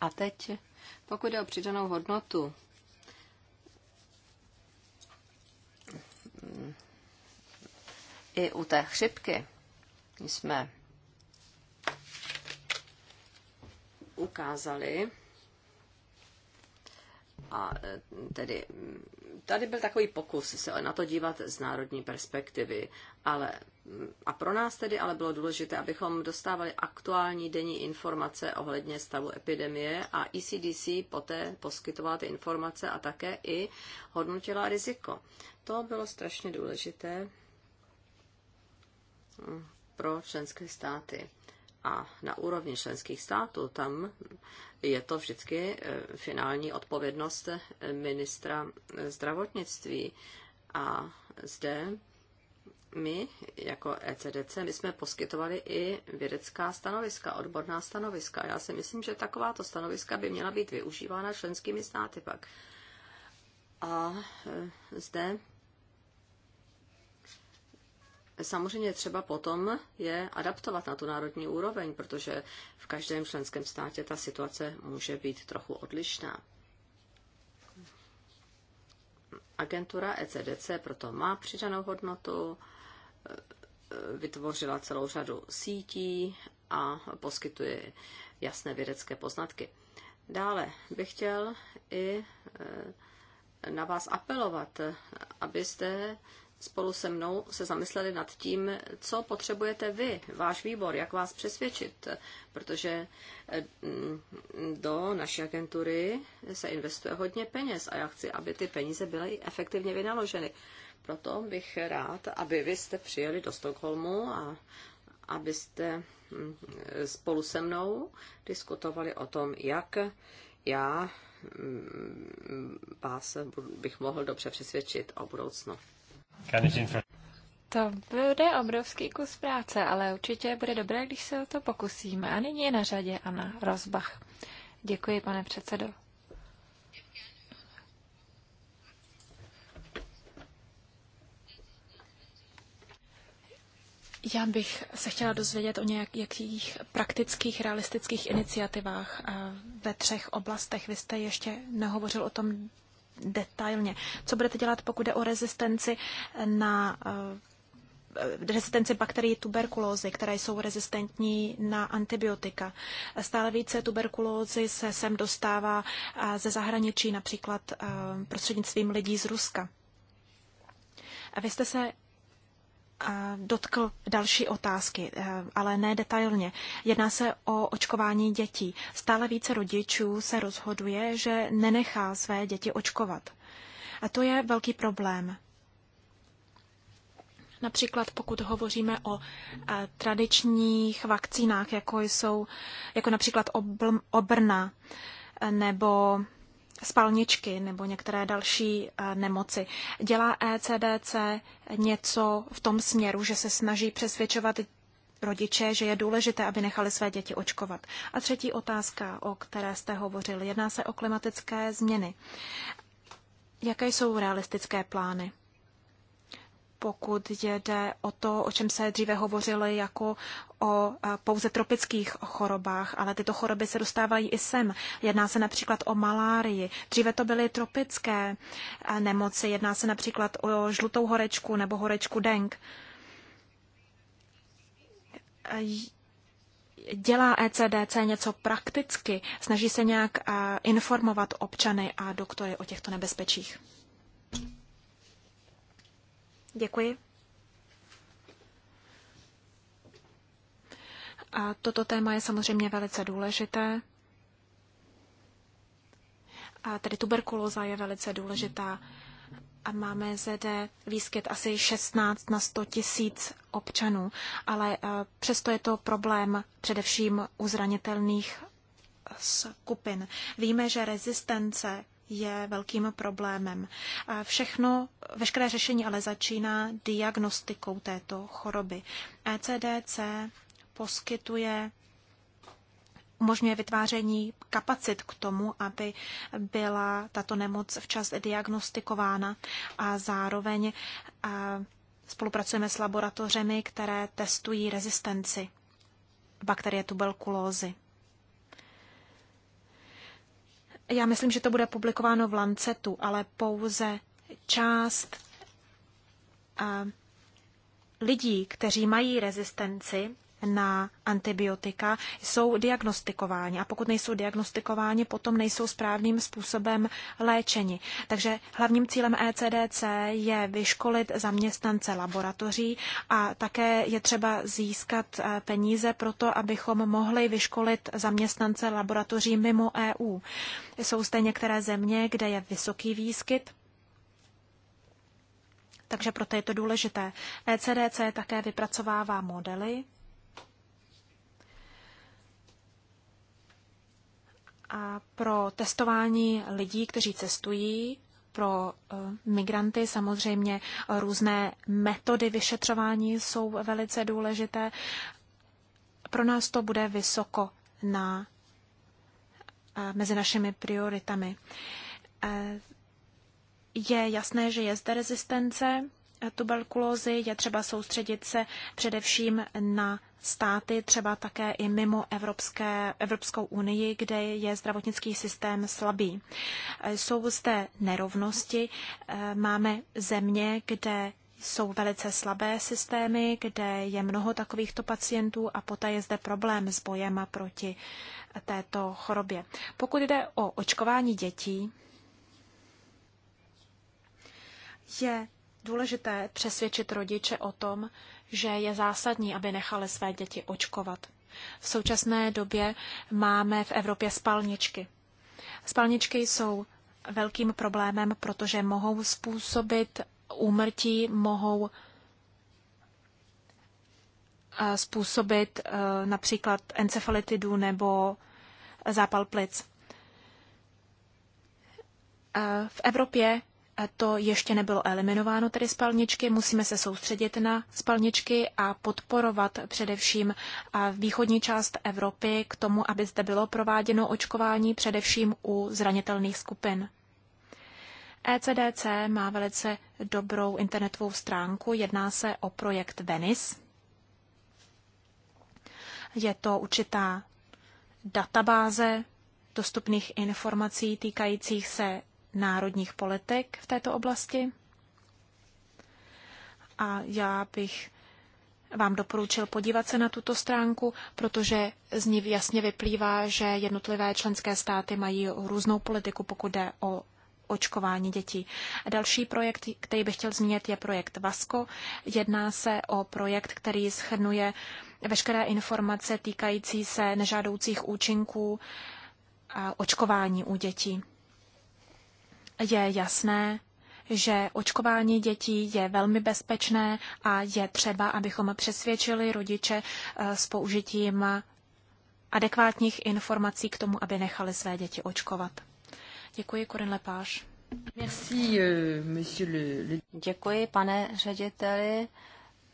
A teď, pokud je o přidanou hodnotu, i u té chřipky jsme ukázali a e, tedy tady byl takový pokus se na to dívat z národní perspektivy, ale a pro nás tedy ale bylo důležité, abychom dostávali aktuální denní informace ohledně stavu epidemie a ECDC poté poskytovala ty informace a také i hodnotila riziko. To bylo strašně důležité pro členské státy a na úrovni členských států, tam je to vždycky eh, finální odpovědnost eh, ministra zdravotnictví. A zde my jako ECDC, my jsme poskytovali i vědecká stanoviska, odborná stanoviska. Já si myslím, že takováto stanoviska by měla být využívána členskými státy pak. A eh, zde Samozřejmě třeba potom je adaptovat na tu národní úroveň, protože v každém členském státě ta situace může být trochu odlišná. Agentura ECDC proto má přidanou hodnotu, eh, vytvořila celou řadu sítí a poskytuje jasné vědecké poznatky. Dále bych chtěl i eh, na vás apelovat, abyste spolu se mnou se zamysleli nad tím, co potřebujete vy, váš výbor, jak vás přesvědčit, protože eh, mm, do naší agentury se investuje hodně peněz a já chci, aby ty peníze byly efektivně vynaloženy. Proto bych rád, aby vy jste přijeli do Stockholmu a abyste mm, spolu se mnou diskutovali o tom, jak já mm, vás bych mohl dobře přesvědčit o budoucnu to bude obrovský kus práce, ale určitě bude dobré, když se o to pokusíme. A nyní je na řadě Anna Rozbach. Děkuji, pane předsedo. Já bych se chtěla dozvědět o nějakých praktických, realistických iniciativách eh, ve třech oblastech. Vy jste ještě nehovořil o tom detailně. Co budete dělat, pokud jde o rezistenci na eh, rezistenci bakterií tuberkulózy, které jsou rezistentní na antibiotika. Stále více tuberkulózy se sem dostává eh, ze zahraničí, například eh, prostřednictvím lidí z Ruska. A vy jste se dotkl další otázky, eh, ale ne detailně. Jedná se o očkování dětí. Stále více rodičů se rozhoduje, že nenechá své děti očkovat. A to je velký problém. Například pokud hovoříme o eh, tradičních vakcínách, jako jsou jako například obrna eh, nebo spalničky nebo některé další eh, nemoci. Dělá ECDC něco v tom směru, že se snaží přesvědčovat rodiče, že je důležité, aby nechali své děti očkovat. A třetí otázka, o které jste hovořil, jedná se o klimatické změny. Jaké jsou realistické plány? Pokud jde o to, o čem se dříve hovořili jako o pouze tropických chorobách, ale tyto choroby se dostávají i sem. Jedná se například o malárii. Dříve to byly tropické nemoci. Jedná se například o žlutou horečku nebo horečku deng. Dělá ECDC něco prakticky? Snaží se nějak informovat občany a doktory o těchto nebezpečích? Děkuji. A toto téma je samozřejmě velice důležité. A tedy tuberkulóza je velice důležitá. A máme zde výskyt asi 16 na 100 tisíc občanů, ale eh, přesto je to problém především u zranitelných eh, skupin. Víme, že rezistence je velkým problémem. Všechno, veškeré řešení ale začíná diagnostikou této choroby. ECDC poskytuje umožňuje vytváření kapacit k tomu, aby byla tato nemoc včas diagnostikována a zároveň spolupracujeme s laboratořemi, které testují rezistenci bakterie tuberkulózy. Já myslím, že to bude publikováno v Lancetu, ale pouze část lidí, kteří mají rezistenci, na antibiotika jsou diagnostikováni a pokud nejsou diagnostikováni, potom nejsou správným způsobem léčeni. Takže hlavním cílem ECDC je vyškolit zaměstnance laboratoří a také je třeba získat eh, peníze pro to, abychom mohli vyškolit zaměstnance laboratoří mimo EU. Jsou zde některé země, kde je vysoký výskyt takže proto je to důležité. ECDC také vypracovává modely a pro testování lidí, kteří cestují, pro eh, migranty samozřejmě eh, různé metody vyšetřování jsou velice důležité. Pro nás to bude vysoko na, eh, mezi našimi prioritami. Je jasné, že je zde rezistence tuberkulózy, je třeba soustředit se především na státy, třeba také i mimo Evropské, Evropskou unii, kde je zdravotnický systém slabý. Jsou zde nerovnosti, eh, máme země, kde jsou velice slabé systémy, kde je mnoho takovýchto pacientů a poté je zde problém s bojem proti této chorobě. Pokud jde o očkování dětí, je důležité přesvědčit rodiče o tom, že je zásadní, aby nechali své děti očkovat. V současné době máme v Evropě spalničky. Spalničky jsou velkým problémem, protože mohou způsobit úmrtí, mohou eh, způsobit eh, například encefalitidu nebo zápal plic. Eh, v Evropě to ještě nebylo eliminováno, tedy spalničky. Musíme se soustředit na spalničky a podporovat především východní část Evropy k tomu, aby zde bylo prováděno očkování především u zranitelných skupin. ECDC má velice dobrou internetovou stránku. Jedná se o projekt Venice. Je to určitá databáze dostupných informací týkajících se národních politik v této oblasti. A já bych vám doporučil podívat se na tuto stránku, protože z ní jasně vyplývá, že jednotlivé členské státy mají různou politiku, pokud jde o očkování dětí. Další projekt, který bych chtěl zmínit, je projekt VASCO. Jedná se o projekt, který schrnuje veškeré informace týkající se nežádoucích účinků a očkování u dětí je jasné, že očkování dětí je velmi bezpečné a je třeba, abychom přesvědčili rodiče eh, s použitím adekvátních informací k tomu, aby nechali své děti očkovat. Děkuji, Corinne Lepáš. Merci, euh, monsieur le... Děkuji, pane řediteli.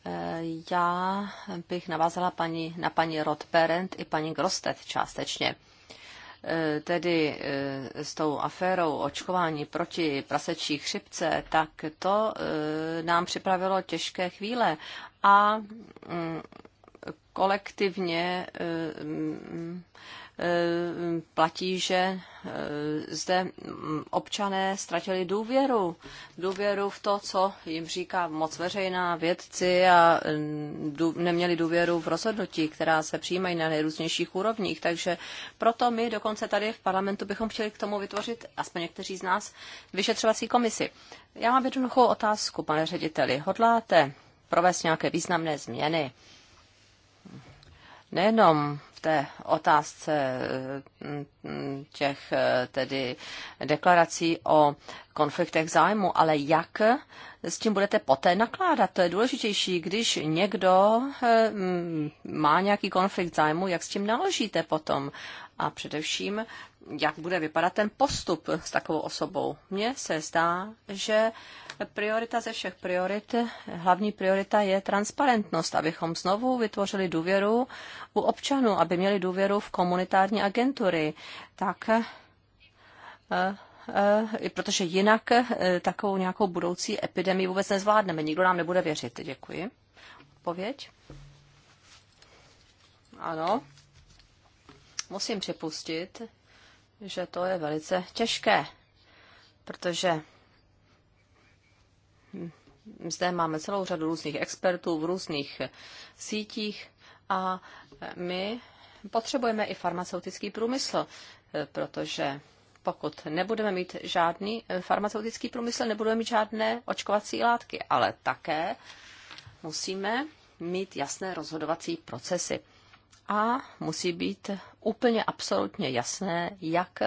Eh, já bych navázala paní, na paní Rodperent i paní Grostet částečně. Eh, tedy eh, s tou aférou očkování proti prasečí chřipce, tak to eh, nám připravilo těžké chvíle a mm, kolektivně mm, Eh, platí, že eh, zde občané ztratili důvěru. Důvěru v to, co jim říká moc veřejná, vědci a mm, neměli důvěru v rozhodnutí, která se přijímají na nejrůznějších úrovních. Takže proto my dokonce tady v parlamentu bychom chtěli k tomu vytvořit, aspoň někteří z nás, vyšetřovací komisi. Já mám jednoduchou otázku, pane řediteli. Hodláte provést nějaké významné změny? Nejenom té otázce mm, mm, těch eh, tedy deklarací o konfliktech zájmu, ale jak s tím budete poté nakládat? To je důležitější, když někdo eh, mm, má nějaký konflikt zájmu, jak s tím naložíte potom. A především jak bude vypadat ten postup s takovou osobou. Mně se zdá, že priorita ze všech priorit, hlavní priorita je transparentnost, abychom znovu vytvořili důvěru u občanů, aby měli důvěru v komunitární agentury. Tak eh, eh, protože jinak eh, takovou nějakou budoucí epidemii vůbec nezvládneme. Nikdo nám nebude věřit. Děkuji. Pověď? Ano. Musím připustit, že to je velice těžké, protože zde máme celou řadu různých expertů v různých sítích a my potřebujeme i farmaceutický průmysl, protože pokud nebudeme mít žádný farmaceutický průmysl, nebudeme mít žádné očkovací látky, ale také musíme mít jasné rozhodovací procesy a musí být úplně absolutně jasné, jak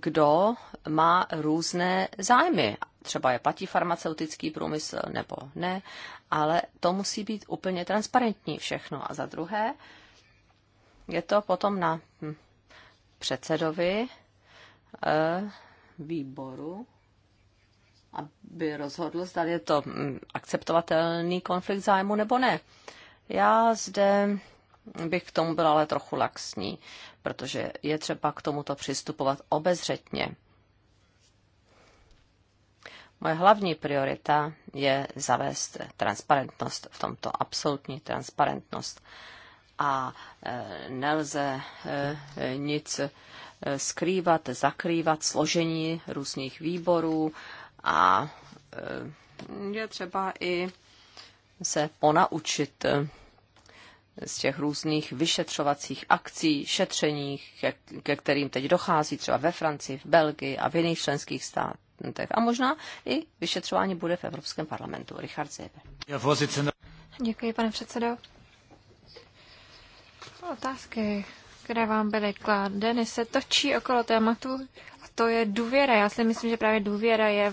kdo má různé zájmy. Třeba je platí farmaceutický průmysl nebo ne, ale to musí být úplně transparentní všechno. A za druhé, je to potom na hm, předsedovi eh, výboru, aby rozhodl, zda je to hm, akceptovatelný konflikt zájmu nebo ne. Já zde bych k tomu byla ale trochu laxní, protože je třeba k tomuto přistupovat obezřetně. Moje hlavní priorita je zavést transparentnost v tomto, absolutní transparentnost. A e, nelze e, nic e, skrývat, zakrývat složení různých výborů a je třeba i se ponaučit eh, z těch různých vyšetřovacích akcí, šetření, ke kterým teď dochází třeba ve Francii, v Belgii a v jiných členských státech. A možná i vyšetřování bude v Evropském parlamentu. Richard Zebe. Děkuji, pane předsedo. Otázky, které vám byly kladeny, se točí okolo tématu, to je důvěra. Já si myslím, že právě důvěra je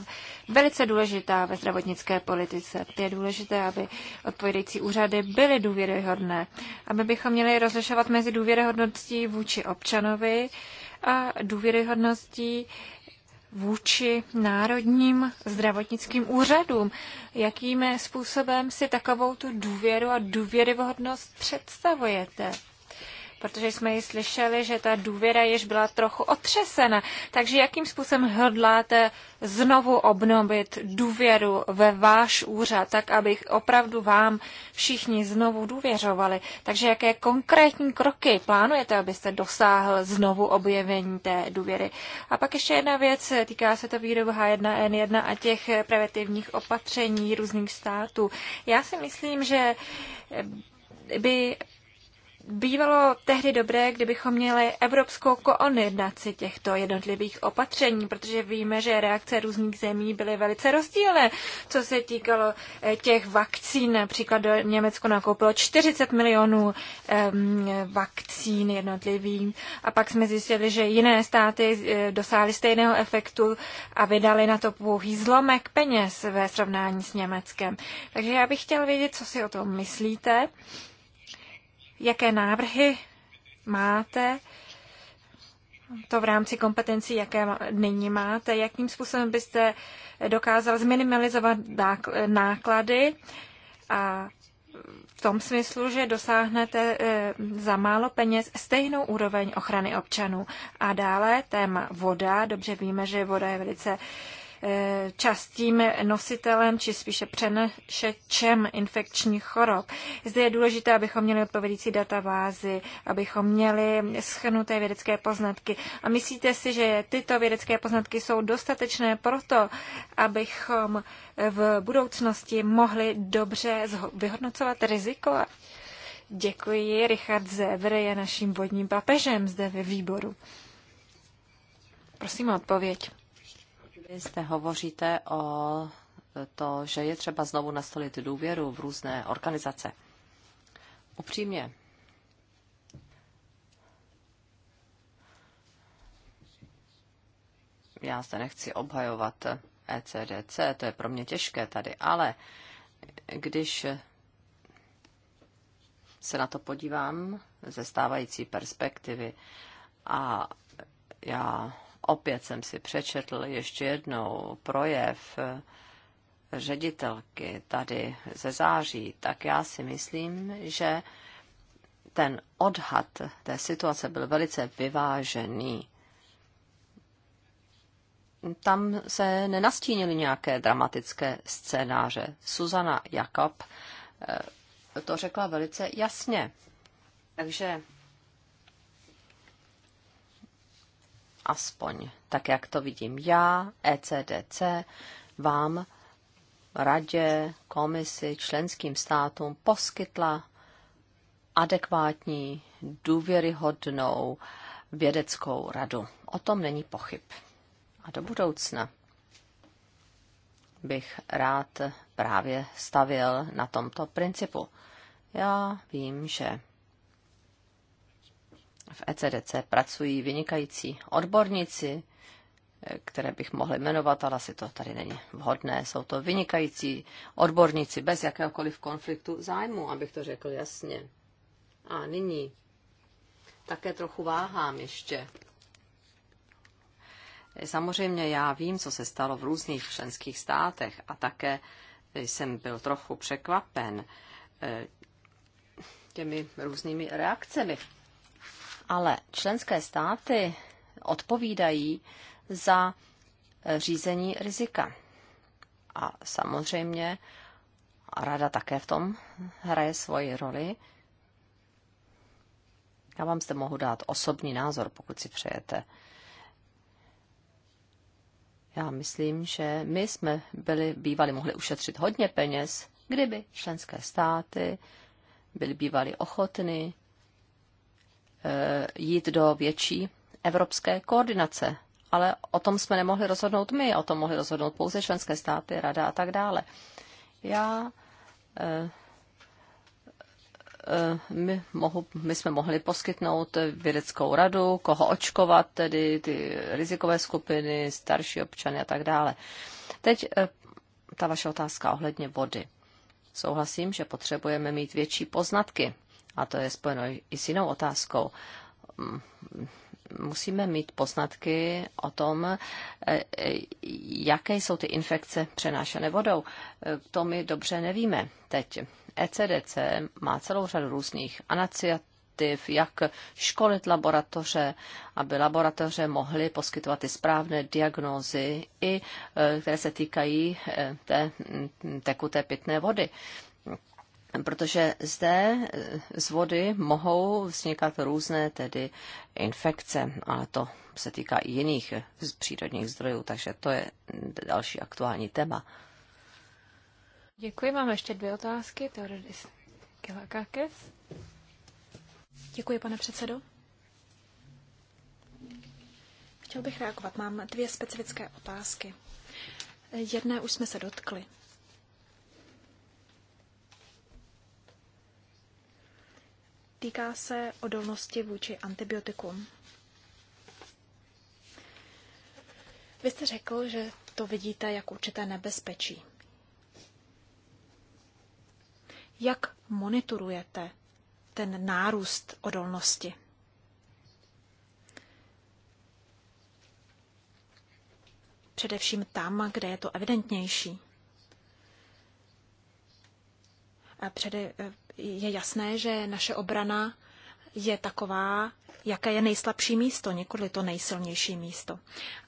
velice důležitá ve zdravotnické politice. Je důležité, aby odpovědející úřady byly důvěryhodné, aby bychom měli rozlišovat mezi důvěryhodností vůči občanovi a důvěryhodností vůči národním zdravotnickým úřadům. Jakým způsobem si takovou tu důvěru a důvěryhodnost představujete? protože jsme ji slyšeli, že ta důvěra již byla trochu otřesena. Takže jakým způsobem hodláte znovu obnovit důvěru ve váš úřad, tak abych opravdu vám všichni znovu důvěřovali? Takže jaké konkrétní kroky plánujete, abyste dosáhl znovu objevení té důvěry? A pak ještě jedna věc, týká se to výrobu H1N1 a těch preventivních opatření různých států. Já si myslím, že by bývalo tehdy dobré, kdybychom měli evropskou koordinaci těchto jednotlivých opatření, protože víme, že reakce různých zemí byly velice rozdílné, co se týkalo eh, těch vakcín. Například do Německo nakoupilo 40 milionů um, vakcín jednotlivým a pak jsme zjistili, že jiné státy eh, dosáhly stejného efektu a vydali na to pouhý zlomek peněz ve srovnání s Německem. Takže já bych chtěl vědět, co si o tom myslíte jaké návrhy máte, to v rámci kompetencí, jaké nyní máte, jakým způsobem byste dokázal zminimalizovat náklady a v tom smyslu, že dosáhnete e, za málo peněz stejnou úroveň ochrany občanů. A dále téma voda. Dobře víme, že voda je velice častým nositelem či spíše přenešečem infekčních chorob. Zde je důležité, abychom měli odpovědící databázy, abychom měli schrnuté vědecké poznatky. A myslíte si, že tyto vědecké poznatky jsou dostatečné proto, abychom v budoucnosti mohli dobře vyhodnocovat riziko? Děkuji. Richard Zevr je naším vodním papežem zde ve výboru. Prosím o odpověď. Vy zde hovoříte o to, že je třeba znovu nastolit důvěru v různé organizace. Upřímně, já se nechci obhajovat ECDC, to je pro mě těžké tady, ale když se na to podívám ze stávající perspektivy a já Opět jsem si přečetl ještě jednou projev ředitelky tady ze září, tak já si myslím, že ten odhad té situace byl velice vyvážený. Tam se nenastínily nějaké dramatické scénáře. Susana Jakob eh, to řekla velice jasně. Takže aspoň tak, jak to vidím já, ECDC, vám, radě, komisi, členským státům poskytla adekvátní, důvěryhodnou vědeckou radu. O tom není pochyb. A do budoucna bych rád právě stavil na tomto principu. Já vím, že v ECDC pracují vynikající odborníci, které bych mohl jmenovat, ale asi to tady není vhodné. Jsou to vynikající odborníci bez jakéhokoliv konfliktu zájmu, abych to řekl jasně. A nyní také trochu váhám ještě. Samozřejmě já vím, co se stalo v různých členských státech a také jsem byl trochu překvapen eh, těmi různými reakcemi ale členské státy odpovídají za eh, řízení rizika. A samozřejmě rada také v tom hraje svoji roli. Já vám zde mohu dát osobní názor, pokud si přejete. Já myslím, že my jsme byli, bývali mohli ušetřit hodně peněz, kdyby členské státy byly bývali ochotny Eh, jít do větší evropské koordinace. Ale o tom jsme nemohli rozhodnout my, o tom mohli rozhodnout pouze členské státy, rada a tak dále. Já eh, eh, my, mohu, my jsme mohli poskytnout vědeckou radu, koho očkovat, tedy ty rizikové skupiny, starší občany a tak dále. Teď ta vaše otázka ohledně vody. Souhlasím, že potřebujeme mít větší poznatky a to je spojeno i s jinou otázkou, mm, musíme mít poznatky o tom, e, e, jaké jsou ty infekce přenášené vodou. E, to my dobře nevíme teď. ECDC má celou řadu různých iniciativ, jak školit laboratoře, aby laboratoře mohly poskytovat ty správné diagnózy, i které se týkají té tekuté pitné vody protože zde eh, z vody mohou vznikat různé tedy infekce, ale to se týká i jiných eh, z přírodních zdrojů, takže to je další aktuální téma. Děkuji, mám ještě dvě otázky. Teoridis Kilakakis. Děkuji, pane předsedo. Chtěl bych reagovat. Mám dvě specifické otázky. Jedné už jsme se dotkli. Týká se odolnosti vůči antibiotikům. Vy jste řekl, že to vidíte jako určité nebezpečí. Jak monitorujete ten nárůst odolnosti? Především tam, kde je to evidentnější. A přede, je jasné, že naše obrana je taková, jaké je nejslabší místo, nikoli to nejsilnější místo.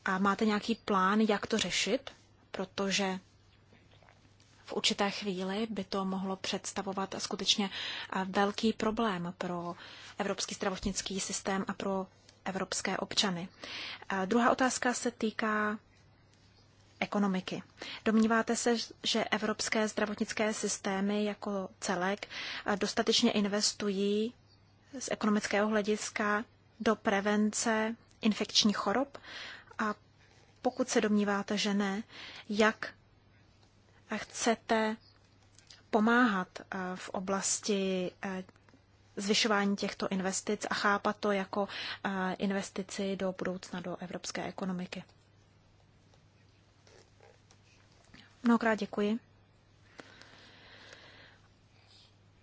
A máte nějaký plán, jak to řešit? Protože v určité chvíli by to mohlo představovat skutečně velký problém pro evropský zdravotnický systém a pro evropské občany. A druhá otázka se týká ekonomiky. Domníváte se, že evropské zdravotnické systémy jako celek dostatečně investují z ekonomického hlediska do prevence infekčních chorob? A pokud se domníváte, že ne, jak chcete pomáhat eh, v oblasti eh, zvyšování těchto investic a chápat to jako eh, investici do budoucna do evropské ekonomiky? Mnohokrát děkuji.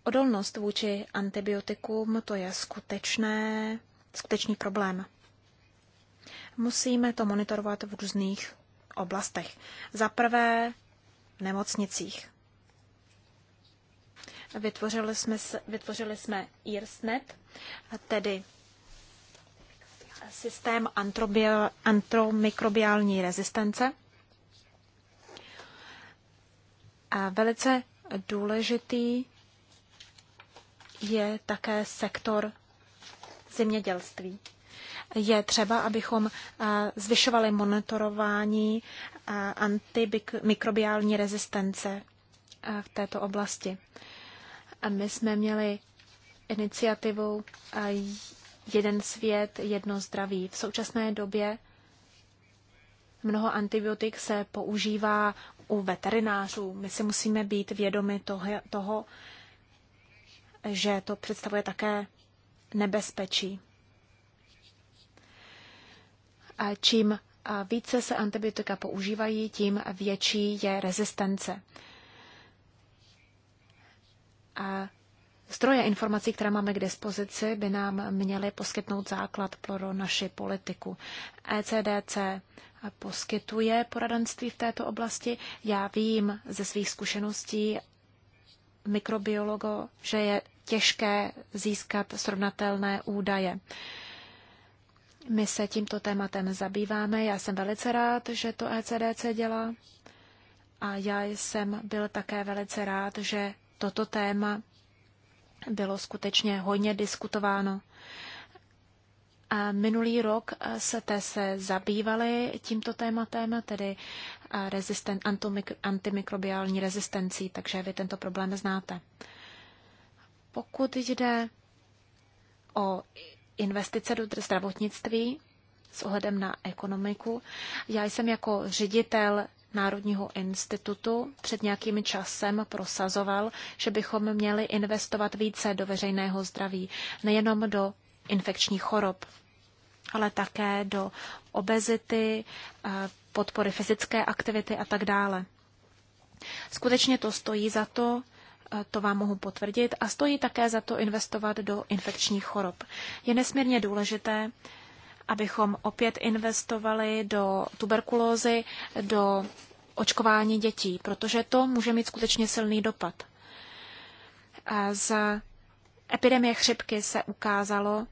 Odolnost vůči antibiotikům to je skutečné, skutečný problém. Musíme to monitorovat v různých oblastech. Za prvé v nemocnicích. Vytvořili jsme, vytvořili jsme IRSNET, tedy systém antromikrobiální rezistence. A velice důležitý je také sektor zemědělství. Je třeba, abychom zvyšovali monitorování antimikrobiální rezistence v této oblasti. A my jsme měli iniciativu Jeden svět, jedno zdraví. V současné době mnoho antibiotik se používá u veterinářů. My si musíme být vědomi toho, toho že to představuje také nebezpečí. A čím více se antibiotika používají, tím větší je rezistence. A Stroje informací, které máme k dispozici, by nám měly poskytnout základ pro naši politiku. ECDC poskytuje poradenství v této oblasti. Já vím ze svých zkušeností mikrobiologo, že je těžké získat srovnatelné údaje. My se tímto tématem zabýváme. Já jsem velice rád, že to ECDC dělá. A já jsem byl také velice rád, že toto téma bylo skutečně hodně diskutováno. A minulý rok eh, se té se zabývali tímto tématem, tedy eh, rezisten, antimikrobiální rezistencí, takže vy tento problém znáte. Pokud jde o investice do zdravotnictví s ohledem na ekonomiku, já jsem jako ředitel Národního institutu před nějakým časem prosazoval, že bychom měli investovat více do veřejného zdraví, nejenom do infekčních chorob, ale také do obezity, eh, podpory fyzické aktivity a tak dále. Skutečně to stojí za to, eh, to vám mohu potvrdit, a stojí také za to investovat do infekčních chorob. Je nesmírně důležité, abychom opět investovali do tuberkulózy, do očkování dětí, protože to může mít skutečně silný dopad. A z epidemie chřipky se ukázalo,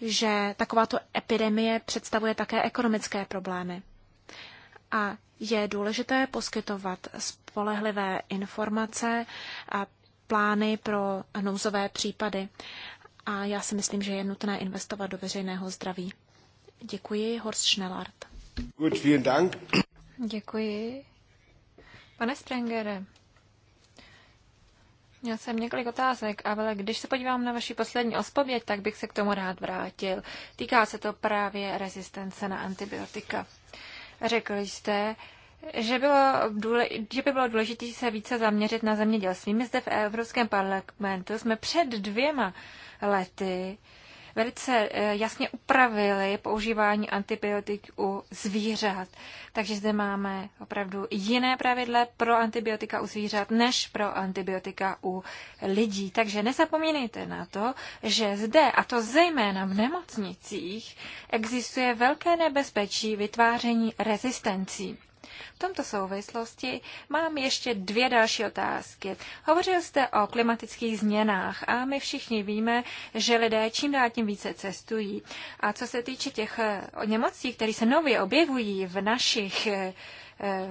že takováto epidemie představuje také ekonomické problémy. A je důležité poskytovat spolehlivé informace a plány pro nouzové případy. A já si myslím, že je nutné investovat do veřejného zdraví. Děkuji, Horst Schnellart. Gut, vielen Dank. Děkuji. Pane Sprengere, Měl jsem několik otázek, ale když se podívám na vaši poslední odpověď, tak bych se k tomu rád vrátil. Týká se to právě rezistence na antibiotika. Řekl jste, že, bylo důle, že by bylo důležité se více zaměřit na zemědělství. My zde v Evropském parlamentu jsme před dvěma lety uh, velice eh, jasně upravili používání antibiotik u zvířat. Takže zde máme opravdu jiné pravidla pro antibiotika u zvířat než pro antibiotika u lidí. Takže nezapomínejte na to, že zde, a to zejména v nemocnicích, existuje velké nebezpečí vytváření rezistencí. V tomto souvislosti mám ještě dvě další otázky. Hovořil jste o klimatických změnách a my všichni víme, že lidé čím dál tím více cestují. A co se týče těch eh, nemocí, které se nově objevují v našich eh, eh,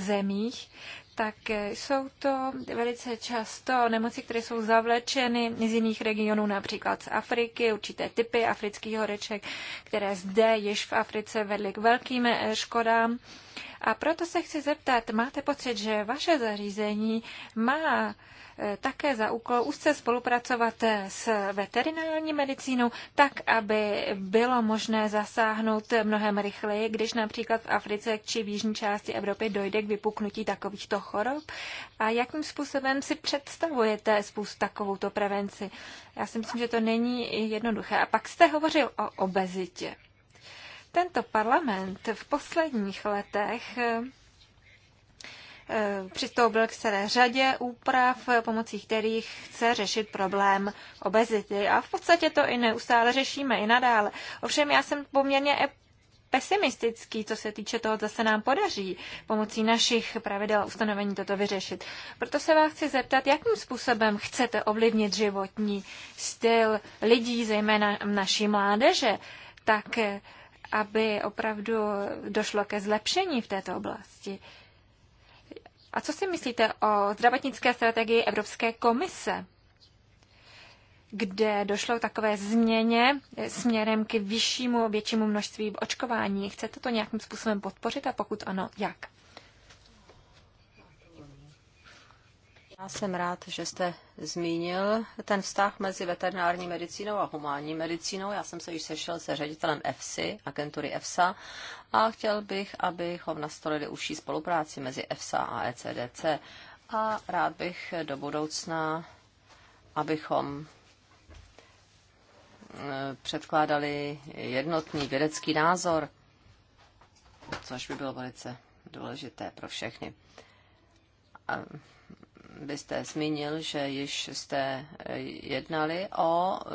zemích, tak jsou to velice často nemoci, které jsou zavlečeny z jiných regionů, například z Afriky, určité typy afrických horeček, které zde již v Africe vedly k velkým škodám. A proto se chci zeptat, máte pocit, že vaše zařízení má eh, také za úkol úzce spolupracovat s veterinální medicínou, tak, aby bylo možné zasáhnout mnohem rychleji, když například v Africe či v jižní části Evropy dojde k vypuknutí takovýchto chorob? A jakým způsobem si představujete způsob takovouto prevenci? Já si myslím, že to není jednoduché. A pak jste hovořil o obezitě. Tento parlament v posledních letech eh, přistoupil k celé řadě úprav, pomocí kterých chce řešit problém obezity. A v podstatě to i neustále řešíme i nadále. Ovšem já jsem poměrně e- pesimistický, co se týče toho, co se nám podaří pomocí našich pravidel a ustanovení toto vyřešit. Proto se vás chci zeptat, jakým způsobem chcete ovlivnit životní styl lidí, zejména naší mládeže, tak eh, aby opravdu došlo ke zlepšení v této oblasti. A co si myslíte o zdravotnické strategii Evropské komise, kde došlo takové změně směrem k vyššímu, většímu množství očkování? Chcete to nějakým způsobem podpořit a pokud ano, jak? Já jsem rád, že jste zmínil ten vztah mezi veterinární medicínou a humánní medicínou. Já jsem se již sešel se ředitelem EFSI, agentury EFSA, a chtěl bych, abychom nastolili užší spolupráci mezi EFSA a ECDC. A rád bych do budoucna, abychom eh, předkládali jednotný vědecký názor, což by bylo velice důležité pro všechny byste zmínil, že již jste eh, jednali o eh,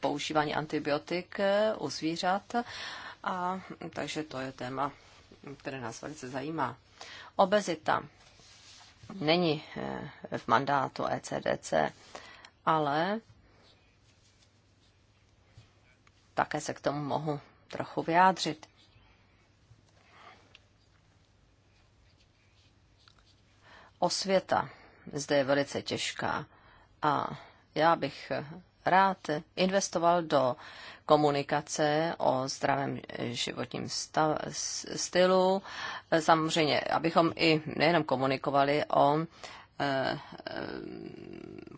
používání antibiotik eh, u zvířat, a takže to je téma, které nás velice zajímá. Obezita není v mandátu ECDC, ale také se k tomu mohu trochu vyjádřit. Osvěta zde je velice těžká. A já bych rád investoval do komunikace o zdravém životním stav, stylu. Samozřejmě, abychom i nejenom komunikovali o eh, eh,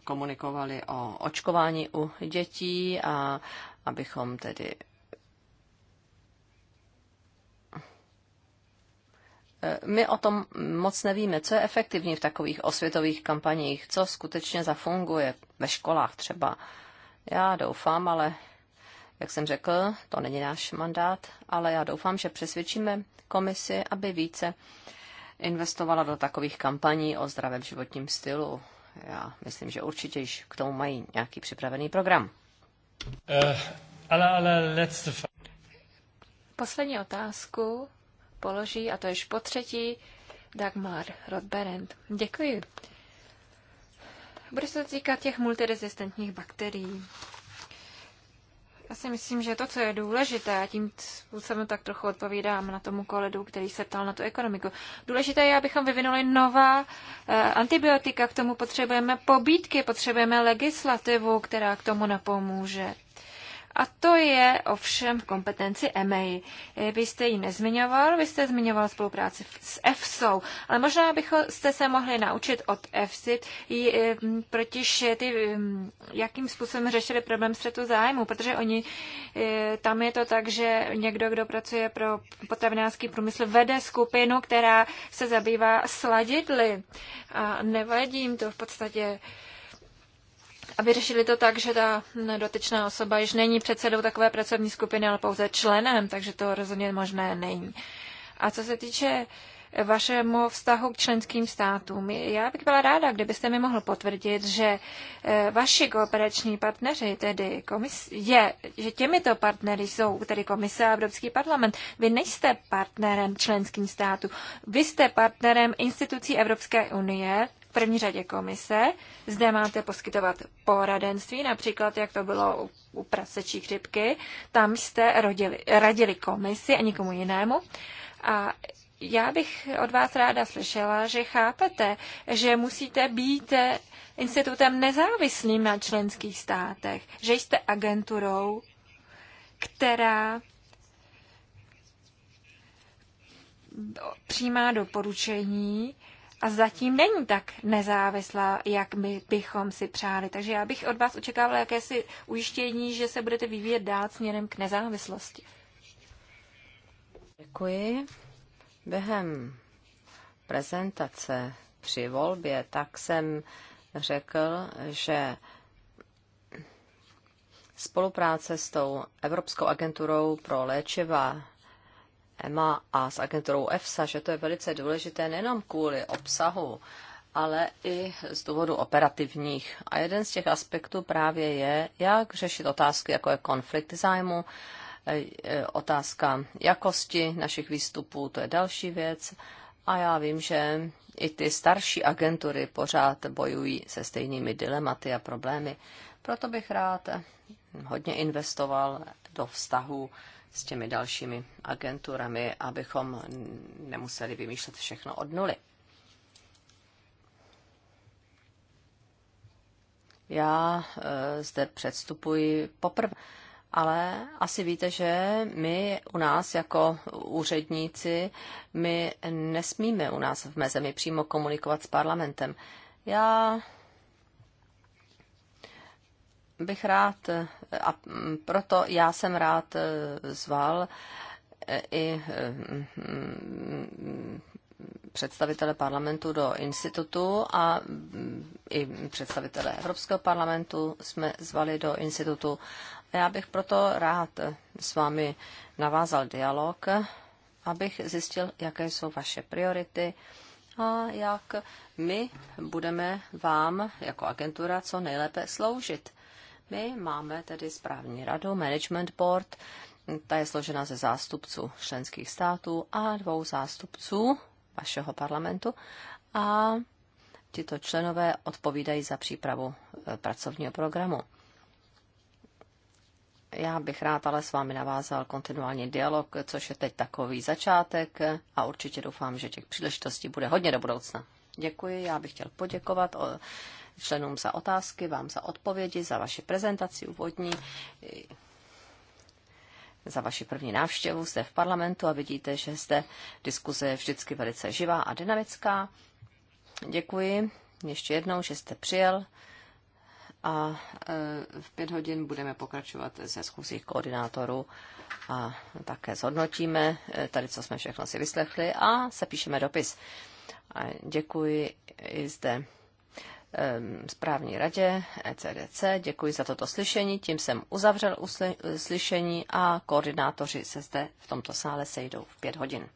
komunikovali o očkování u dětí a abychom tedy my o tom moc nevíme, co je efektivní v takových osvětových kampaních, co skutečně zafunguje ve školách třeba. Já doufám, ale jak jsem řekl, to není náš mandát, ale já doufám, že přesvědčíme komisi, aby více investovala do takových kampaní o zdravém životním stylu. Já myslím, že určitě již k tomu mají nějaký připravený program. Uh, ale, ale, let's... Poslední otázku položí, a to je po třetí, Dagmar Rodberend. Děkuji. Bude se to týkat těch multirezistentních bakterií. Já si myslím, že to, co je důležité, a tím způsobem tak trochu odpovídám na tomu koledu, který se ptal na tu ekonomiku, důležité je, abychom vyvinuli nová eh, antibiotika, k tomu potřebujeme pobídky, potřebujeme legislativu, která k tomu napomůže. A to je ovšem v kompetenci EMEI. Vy jste ji nezmiňoval, vy jste zmiňoval spolupráci s EFSou, ale možná byste se mohli naučit od EFSI, protiž ty, jakým způsobem řešili problém střetu zájmu, protože oni, e, tam je to tak, že někdo, kdo pracuje pro potravinářský průmysl, vede skupinu, která se zabývá sladidly. A nevadím to v podstatě a vyřešili to tak, že ta dotyčná osoba již není předsedou takové pracovní skupiny, ale pouze členem, takže to rozhodně možné není. A co se týče vašemu vztahu k členským státům. Já bych byla ráda, kdybyste mi mohl potvrdit, že eh, vaši kooperační partneři, tedy komis, je, že těmito partnery jsou tedy komise a Evropský parlament. Vy nejste partnerem členským států, vy jste partnerem institucí Evropské unie, v první řadě komise. Zde máte poskytovat poradenství, například jak to bylo u, u prasečí chřipky. Tam jste rodili, radili komisi a nikomu jinému. A já bych od vás ráda slyšela, že chápete, že musíte být institutem nezávislým na členských státech, že jste agenturou, která přijímá doporučení a zatím není tak nezávislá, jak my bychom si přáli. Takže já bych od vás očekávala jakési ujištění, že se budete vyvíjet dál směrem k nezávislosti. Děkuji. Během prezentace při volbě tak jsem řekl, že spolupráce s tou Evropskou agenturou pro léčiva EMA a s agenturou EFSA, že to je velice důležité nejenom kvůli obsahu, ale i z důvodu operativních. A jeden z těch aspektů právě je, jak řešit otázky, jako je konflikt zájmu, e, e, otázka jakosti našich výstupů, to je další věc. A já vím, že i ty starší agentury pořád bojují se stejnými dilematy a problémy. Proto bych rád hodně investoval do vztahu s těmi dalšími agenturami, abychom nemuseli vymýšlet všechno od nuly. Já eh, zde předstupuji poprvé, ale asi víte, že my u nás jako úředníci, my nesmíme u nás v mezemi přímo komunikovat s parlamentem. Já bych rád, eh, a proto já jsem rád eh, zval eh, i představitele parlamentu do institutu a mm, i představitele Evropského parlamentu jsme zvali do institutu. Já bych proto rád s vámi navázal dialog, abych zjistil, jaké jsou vaše priority a jak my budeme vám jako agentura co nejlépe sloužit. My máme tedy správní radu, management board, ta je složena ze zástupců členských států a dvou zástupců vašeho parlamentu a tito členové odpovídají za přípravu eh, pracovního programu. Já bych rád ale s vámi navázal kontinuální dialog, což je teď takový začátek eh, a určitě doufám, že těch příležitostí bude hodně do budoucna. Děkuji, já bych chtěl poděkovat členům za otázky, vám za odpovědi, za vaši prezentaci úvodní, za vaši první návštěvu zde v parlamentu a vidíte, že zde diskuze je vždycky velice živá a dynamická. Děkuji ještě jednou, že jste přijel a e, v pět hodin budeme pokračovat ze schůzí koordinátorů a také zhodnotíme e, tady, co jsme všechno si vyslechli a sepíšeme dopis. A děkuji i zde správní radě ECDC. Děkuji za toto slyšení, tím jsem uzavřel usly, slyšení a koordinátoři se zde v tomto sále sejdou v pět hodin.